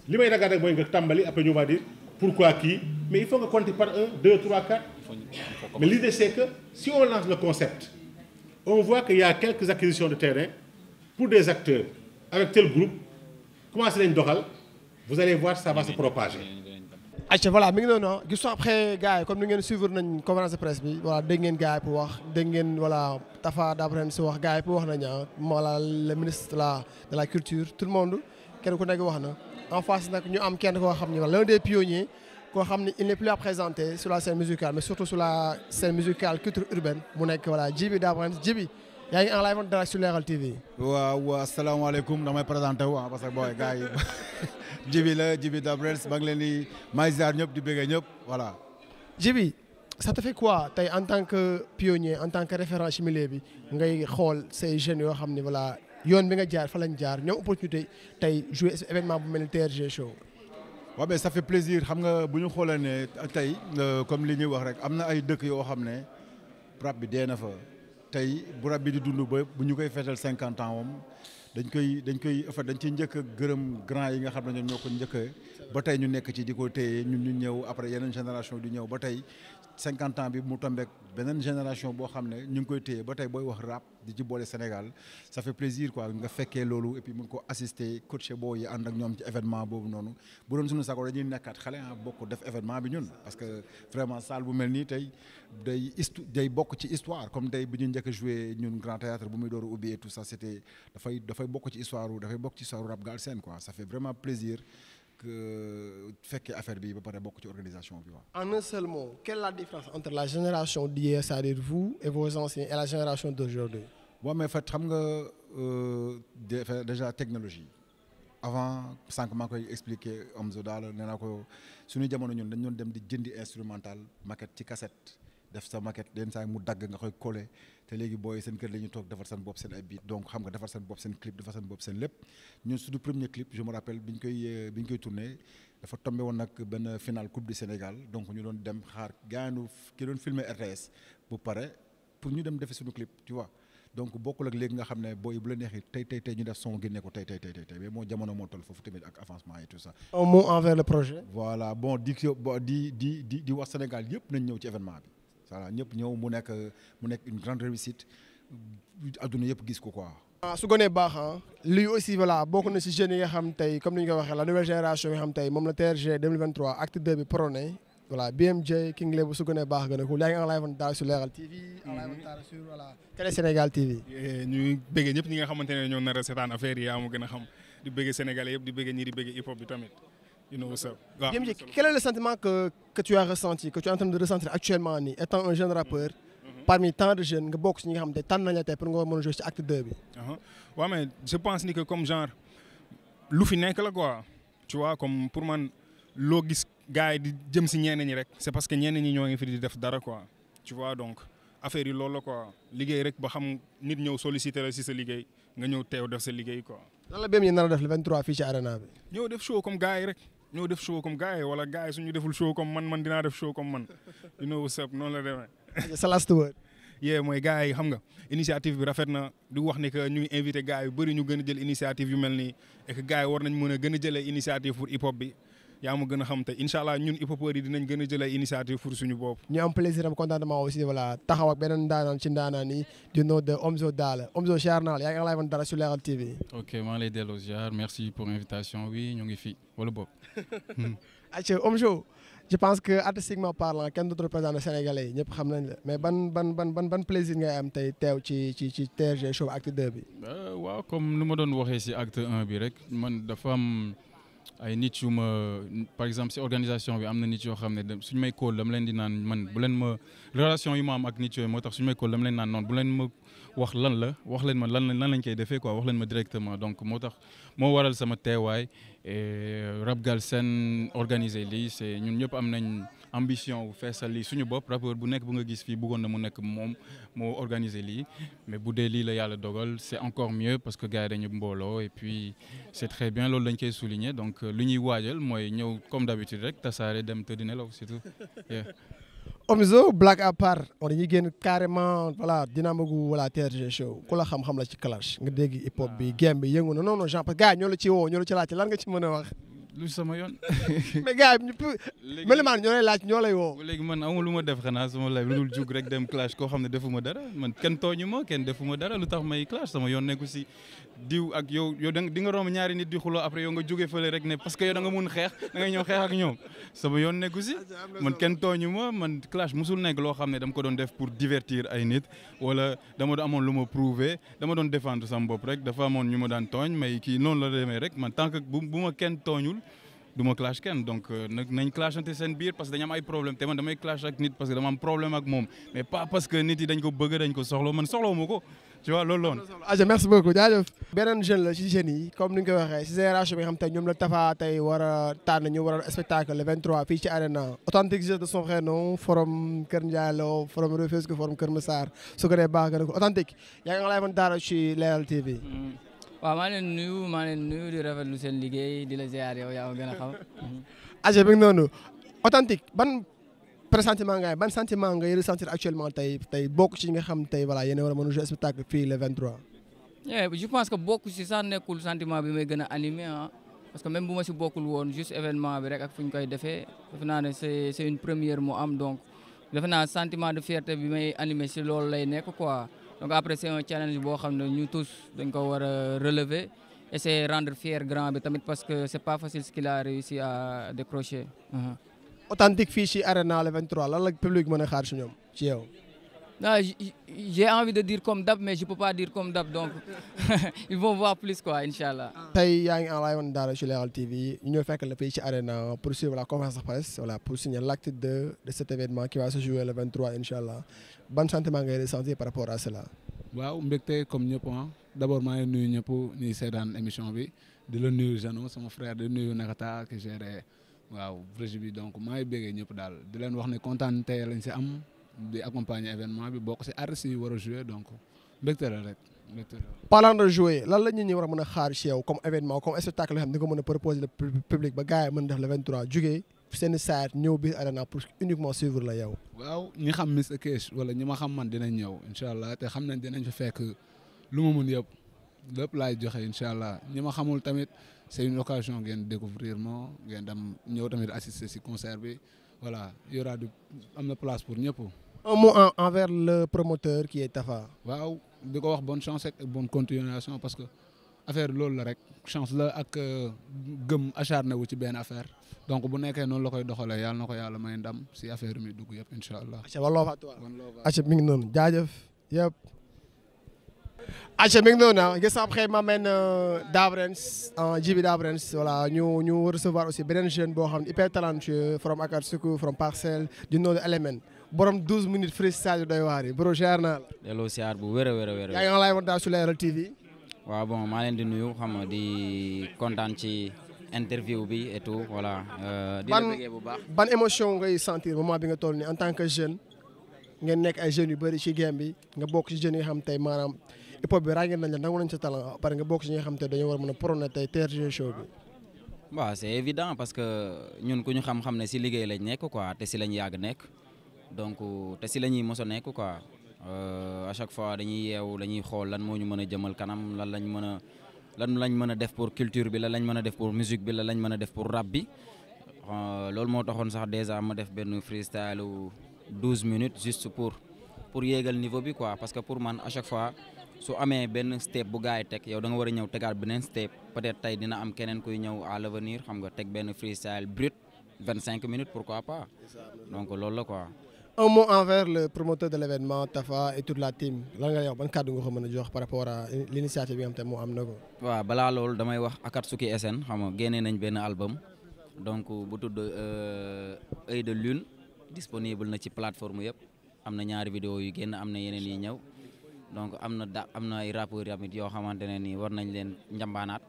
li may ragal rek mooy nga tàmbali après ñu va dire pourquoi kii mais il faut nga compter par un deux trois quatre mais l'idée c'est que si on lance le concept on voit qu'il y a quelques de terrain pour des acteurs avec tel commencé nañ doxal vous allez voir mi ngi noonu ah gis après gars comme ni ngeen suivre nañ conférence de presse bi voilà dégg ngeen gars pour wax dégg ngeen voilà Tafa Dabrène si wax gars pour wax nañ ah voilà le ministre de la de la culture tout le monde kenn ku nekk wax na en face nag ñu am kenn koo xam ne l'un des pionniers koo xam ne il n'est plus à présenter sur la scène musicale mais surtout sur la scène musicale culture urbaine mu nekk voilà Djiby Dabrène Djiby yaa ngi en live en direct sur TV. waaw asalaamaaleykum damay présenté may ah parce que booy gars yi Jibi la Jibi Dabrels maa ngi leen di ñëpp di bëggee ñëpp voilà. Jibi ça te fait quoi en tant que pionnier en tant que référent ci bi ngay xool say jeunes yoo xam ne voilà yoon bi nga jaar fa lañ jaar ñoom opportunité tey jouer événement bu mel ni TRG show. waaw xam nga bu ñu xoolee ne tey euh, comme li ñuy wax rek am na ay dëkk yoo xam ne rap bi dee na fa. tey bu rab bi di dund ba bu ñu koy feetal cinquante ans moom dañ koy dañ koy en dañ ci njëkk a gërëm grand yi nga xam ne ñoom ñoo ko njëkk ba tey ñu nekk ci di ko téye ñun ñu ñëw après yeneen génération di ñëw ba tey cinquante ans bi mu tombeek beneen génération boo xam ne ñu ngi koy téye ba tey booy wax rap di ci boole Sénégal sa fait plaisir quoi nga fekkee loolu et puis mun ko assister coaché boo yi ànd ak ñoom ci événement boobu noonu bu doon suñu sago dañuy nekkaat xale ah bokk def événement bi ñun parce que vraiment salle bu mel nii tey day histo day bokk ci histoire comme tey bu ñu njëkk a ñun grand théâtre bu muy door a ubbi et tout ça c' était dafay bokk ci histoire dafay bokk ci histoire rap Galsen quoi ça fait vraiment Euh, fekkee affaire bi ba pare bokk ci organisation bi waaw. en un seul mot quelle la différence entre la génération d'hier c'est-à-dire vous et vos anciens et la génération d'aujourd'hui waaw mais fat xam nga euh, déjà technologie avant sànq maa koy expliquer Omzo daal nee naa suñu jamono ñun dañu doon dem di jëndi instrumental maquette ci cassette def sa maquette den saa mu dagg nga koy coller te léegi booy seen kër la toog defar seen bopp seen ay biit donc xam nga defar seen bopp seen clip defar seen lépp ñun suñu premier clip je me rappelle bi ñu koy euh, bi dafa tombé woon nag benn final coupe du Sénégal donc ñu doon dem xaar gaanu ki doon filmé RTS bu pare pour ñu dem defe suñu clip tu vois donc bokkul ak léegi nga xam ne booy bu la neexee tey tey tey ñu def son génne ko tey tey tey tey mais moo jamono moo toll foofu tamit ak avancement et tout ça. un mot envers le projet. voilà bon di di di wax Sénégal yëpp nañ ñëw ci événement bi. voilà ñëpp ñëw mu nekk mu nekk une grande réussite adduna yëpp gis ko quoi. Ah, su gënee baax ah lii aussi voilà bokk na si jeunes yi nga xam tey comme ni ñu ko waxee la nouvelle génération nga xam tey moom la TRG 2023 acte 2 bi prôné voilà BMJ King su gënee baax gën a ko yaa ngi en live daal sur Leral TV. en live mhm. daal TV. Eh, ñu bëggee ñëpp ñi nga xamante ne ñoo nar a seetaan affaire yi yaa ma gën a xam di bëggee Sénégalais yëpp di bëggee ñi di bëggee hip bi tamit. you know what's le sentiment que que tu as ressenti que actuellement nii étant un jeune rappeur. Mm-hmm. parmi tant de jeunes nga bokk ci ñi nga ne tànn nañ la tey nga mën a jouer acte deux bi. Uh-huh. je pense ni que comme genre lu fi nekk la quoi tu vois comme pour man loo gis gars yi di jëm si ñenn ñi rek. c'est parce que ñenn ñi ñoo ngi fi di def dara quoi tu vois donc affaire yi loolu la quoi liggéey rek ba xam nit ñëw solliciter la si sa liggéey nga ñëw teew def sa liggéey quoi. la Biem yi nar a def le bi. ñëw def show comme rek. ñoo def show comme gars yi wala gars yi suñu deful show comme man man dinaa def show comme man you know what's noonu la demee. sa last word. yee mooy gars yi xam nga initiative bi rafet na du wax ni que ñu ngi invité gars yu bëri ñu gën a jël initiative yu mel nii et que gars yi war nañ mën a gën a jëlee initiative pour hip hop bi. yaa ma gën a xam te incha allah ñun hip-hopeurs yi gën a jël ay initiative pour suñu bopp. ñu am plaisir am contentement aussi voilà taxaw ak beneen ndaanaan ci ndaanaan yi du nom de Omzo Dollar Omzo naa yaa ngi lay wan dara sur Leral ok maa ngi lay delloo ziar merci pour invitation bi ñu ngi fi wala bopp. ayca Omzo je pense que artistiquement parlant kenn dootu représenté Sénégalais yi ñëpp xam nañ la mais ban ban ban ban ban plaisir nga am tey teew ci ci ci TRG show acte 2 bi. Euh, waaw comme nu ma doon waxee si acte 1 rek man dafa am. ay nit yu ma par exemple si organisation bi am na nit yoo xam ne suñu may kóol dama leen di naan man bu leen ma relation yu ma am ak nit yooyu moo tax suñu may kóol dama leen naan noonu bu leen ma wax lan la wax leen ma lan lan lañ koy defee quoi wax leen ma directement donc moo tax moo waral sama teewaay et Rap Galsen organisé lii c'est ñun ñëpp am nañ ambition bu feesal lii suñu bopp rappeur bu nekk bu nga gis fii bëggoon na mu nekk moom moo organisé lii mais bu dee lii la yàlla dogal c'est encore mieux parce que gars ñu mbooloo et puis c'est très bien loolu dañ koy souligner donc euh, lu ñuy waajal mooy ñëw comme d'habitude rek tasaare dem tëdd nelaw surtout Omzo black à part on dañuy génn carrément voilà dynamique voilà TRG show ku la xam-xam la ci clash nga dégg hip hop bi ah. game bi yëngu na noono non Jean parce que la ci woo ñoo ci laajte lan nga ci mën a wax. lu sama yoon. mais gars yi léegi melimaan ñoo lay laaj ñoo lay woo. léegi man amul lu ma def xanaa sama live lu jug rek dem clash koo xam ne defu ma dara man kenn tooñu ma kenn defu ma dara lu tax may clash sama yoon nekku si diw ak yow yow da nga romb ñaari nit di xuloo après yow nga jóge fële rek ne parce que yow da nga mun xeex da nga ñëw xeex ak ñoom sama yoon nekku si ah, man kenn tooñu ma man clash musul nekk loo xam ne dama ko doon def pour divertir ay nit wala dama doon amoon lu ma prouver dama doon défendre sama bopp rek dafa amoon ñu ma daan tooñ kii noonu la demee rek man tant que bu ma kenn tooñul du ma clash kenn donc euh, nag nañ clashante seen biir parce que dañu am ay problème te man damay clash ak nit parce que dama am problème ak moom mais pas parce nit dañ ko bëgg dañ ko soxla man soxlawu ma ko tu vois loolu loon aja merci beaucoup jaajëf beneen jeune la ci jeunes yi comme ni nga si génération bi nga xam te la Tapha tey war a tànn ñu spectacle le 23 fii ci authentique jeu de son frère non forum Kër Ndialo forum forum Kër Massar su ko dee baax nga authentique yaa nga lay mën dara ci Leral TV mm. waaw maa leen seen liggéey di la ziar aja bi nga authentique pressentiment ngay ban sentiment ngay ressentir actuellement tey tey bokk ci nga xam tey voilà yéen a war a mën a jouer spectacle fii le eh, je pense que bokk si sax nekkul sentiment bi may gën a animé ah parce que même bu ma si bokkul woon juste événement bi rek ak fu ñu koy defee defe naa ne c'est une première mo am donc defe naa sentiment de fierté bi may animé loolu lay nekk quoi donc après c'est un challenge boo xam ne ñu tous dañ ko war a relever et c'est rendre fier grand bi tamit parce que c'est pas facile ce qu'il a réussi à décrocher. authentique fii ci Arena le 23 lan la public mën a xaar ci ñoom ci yow. non j'ai envie de dire comme d'hab mais je peux pas dire comme d'hab donc ils vont yaa ngi en live woon Daara ci Leral TV ñu fekk la fii ci Arena pour suivre la conférence de presse voilà pour signer l'acte 2 de cet événement qui jouer le 23 incha allah ban sentiment ngay ressentir par rapport à cela. waaw mbégte comme ñëpp ah d'abord maa ngi nuyu ñëpp ñuy émission bi di la nuyu Jano sama frère di nuyu Nakata qui waaw projet bi donc maa ngi béggee ñëpp daal di leen wax ne kontaan tey lañ si am di accompagner événement bi bokk si artistes yi war a jouer donc mbégte la rek parlant de jouer lan la ñu war a mën a xaar si yow comme événement comme spectacle yoo xam ne nga a proposer le public ba gars yi mën def le 23 jugee seen saat ñëw biir arena pour uniquement suivre la yow. waaw ñi xam Mr Cash wala ñi ma xam man dinañ ñëw incha allah te xam nañ dinañ fi fekk lu ma mën yëpp lépp laay joxe incha allah ñi ma xamul tamit. c' est une occasion ngeen découvrir ma ngeen dem ñëw tamit assister si concert bi voilà y am na place pour ñëpp. un mot envers le promoteur qui est Tafa. waaw di ko wax bonne chance ak bonne continuation parce que affaire loolu la rek chance la ak euh, gëm acharné wu ci benn affaire donc bu nekkee noonu la koy doxalee yàlla na ko yàlla may ndam si affaire mi dugg yëpp incha allah. wallaahi mi ngi noonu jaajëf yëpp. aca mi ngi noonu ah gis après ma mel euh, Dabrens ah, Djibi Dabrens voilà ñu ñu recevoir aussi beneen jeune boo xam ne hyper talentueux from Akatsuku di Parcelles du nord Element borom 12 minutes freestyle doy waar yi bro la. delloo ziar bu wér a a wér. TV. waaw bon maa leen di nuyu xam nga di kontaan ci interview bi et tout voilà. Euh, di bu baax ban émotion ngay sentir moment bi nga toll ni en tant que jeune ngeen nekk ay jeunes yu bëri ci game bi nga bokk ci jeunes yi xam tey maanaam. hip hop bi ràññee nañ la parce que nga war a mën a prôné tey TRG show bi. waaw c' évident parce que ñun ku ñu xam-xam ne si liggéey lañ nekk quoi te si lañ yàgg nekk donc te si la ñuy mos a quoi euh, à chaque fois dañuy yeewu dañuy xool lan moo ñu mën a jëmal kanam lan lañ mën a lan lañ mën a def pour culture bi lan lañ mën a def pour musique bi lan lañ mën a def pour rap bi euh, loolu moo taxoon sax dèjà ma def benn freestyle 12 minutes juste pour pour yéegal niveau bi parce que pour man à chaque su amee benn step bu gars yi teg yow da nga war a ñëw tegaat beneen step peut-être tey dina am keneen kuy ñëw à l'avenir xam nga teg benn freestyle brut vingt cinq minutes pourquoi pas donc loolu la quoi. un mot envers le promoteur de l'événement Tafa et toute la team lan nga wax ban kàddu nga ko mën a jox par rapport à l'initiative bi nga xam te moo am na ko. waa balaa lool damay wax Akatsuki SN xam na génnee nañ benn album donc bu tudd euh, Œil disponible na ci plateforme yëpp am na ñaari vidéo yu génn am na yeneen yi ñëw. donc am na da am na ay rappeurs tamit yoo xamante ne nii war nañ leen njambaanaat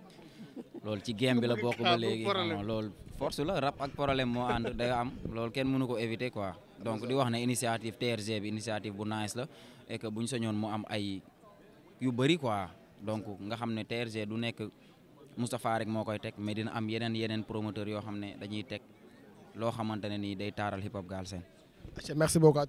loolu ci game bi la bokk ba léegi lool force la rap ak problème moo ànd day am loolu kenn mënu ko éviter quoi donc di wax na initiative TRG bi initiative bu nice la et que buñ sañoon mu am ay yu bëri quoi donc nga xam ne TRG du nekk Moustapha rek moo koy teg mais dina am yeneen yeneen promoteur yoo xam ne dañuy teg loo xamante ne nii day taaral hip hop Galsen merci beaucoup.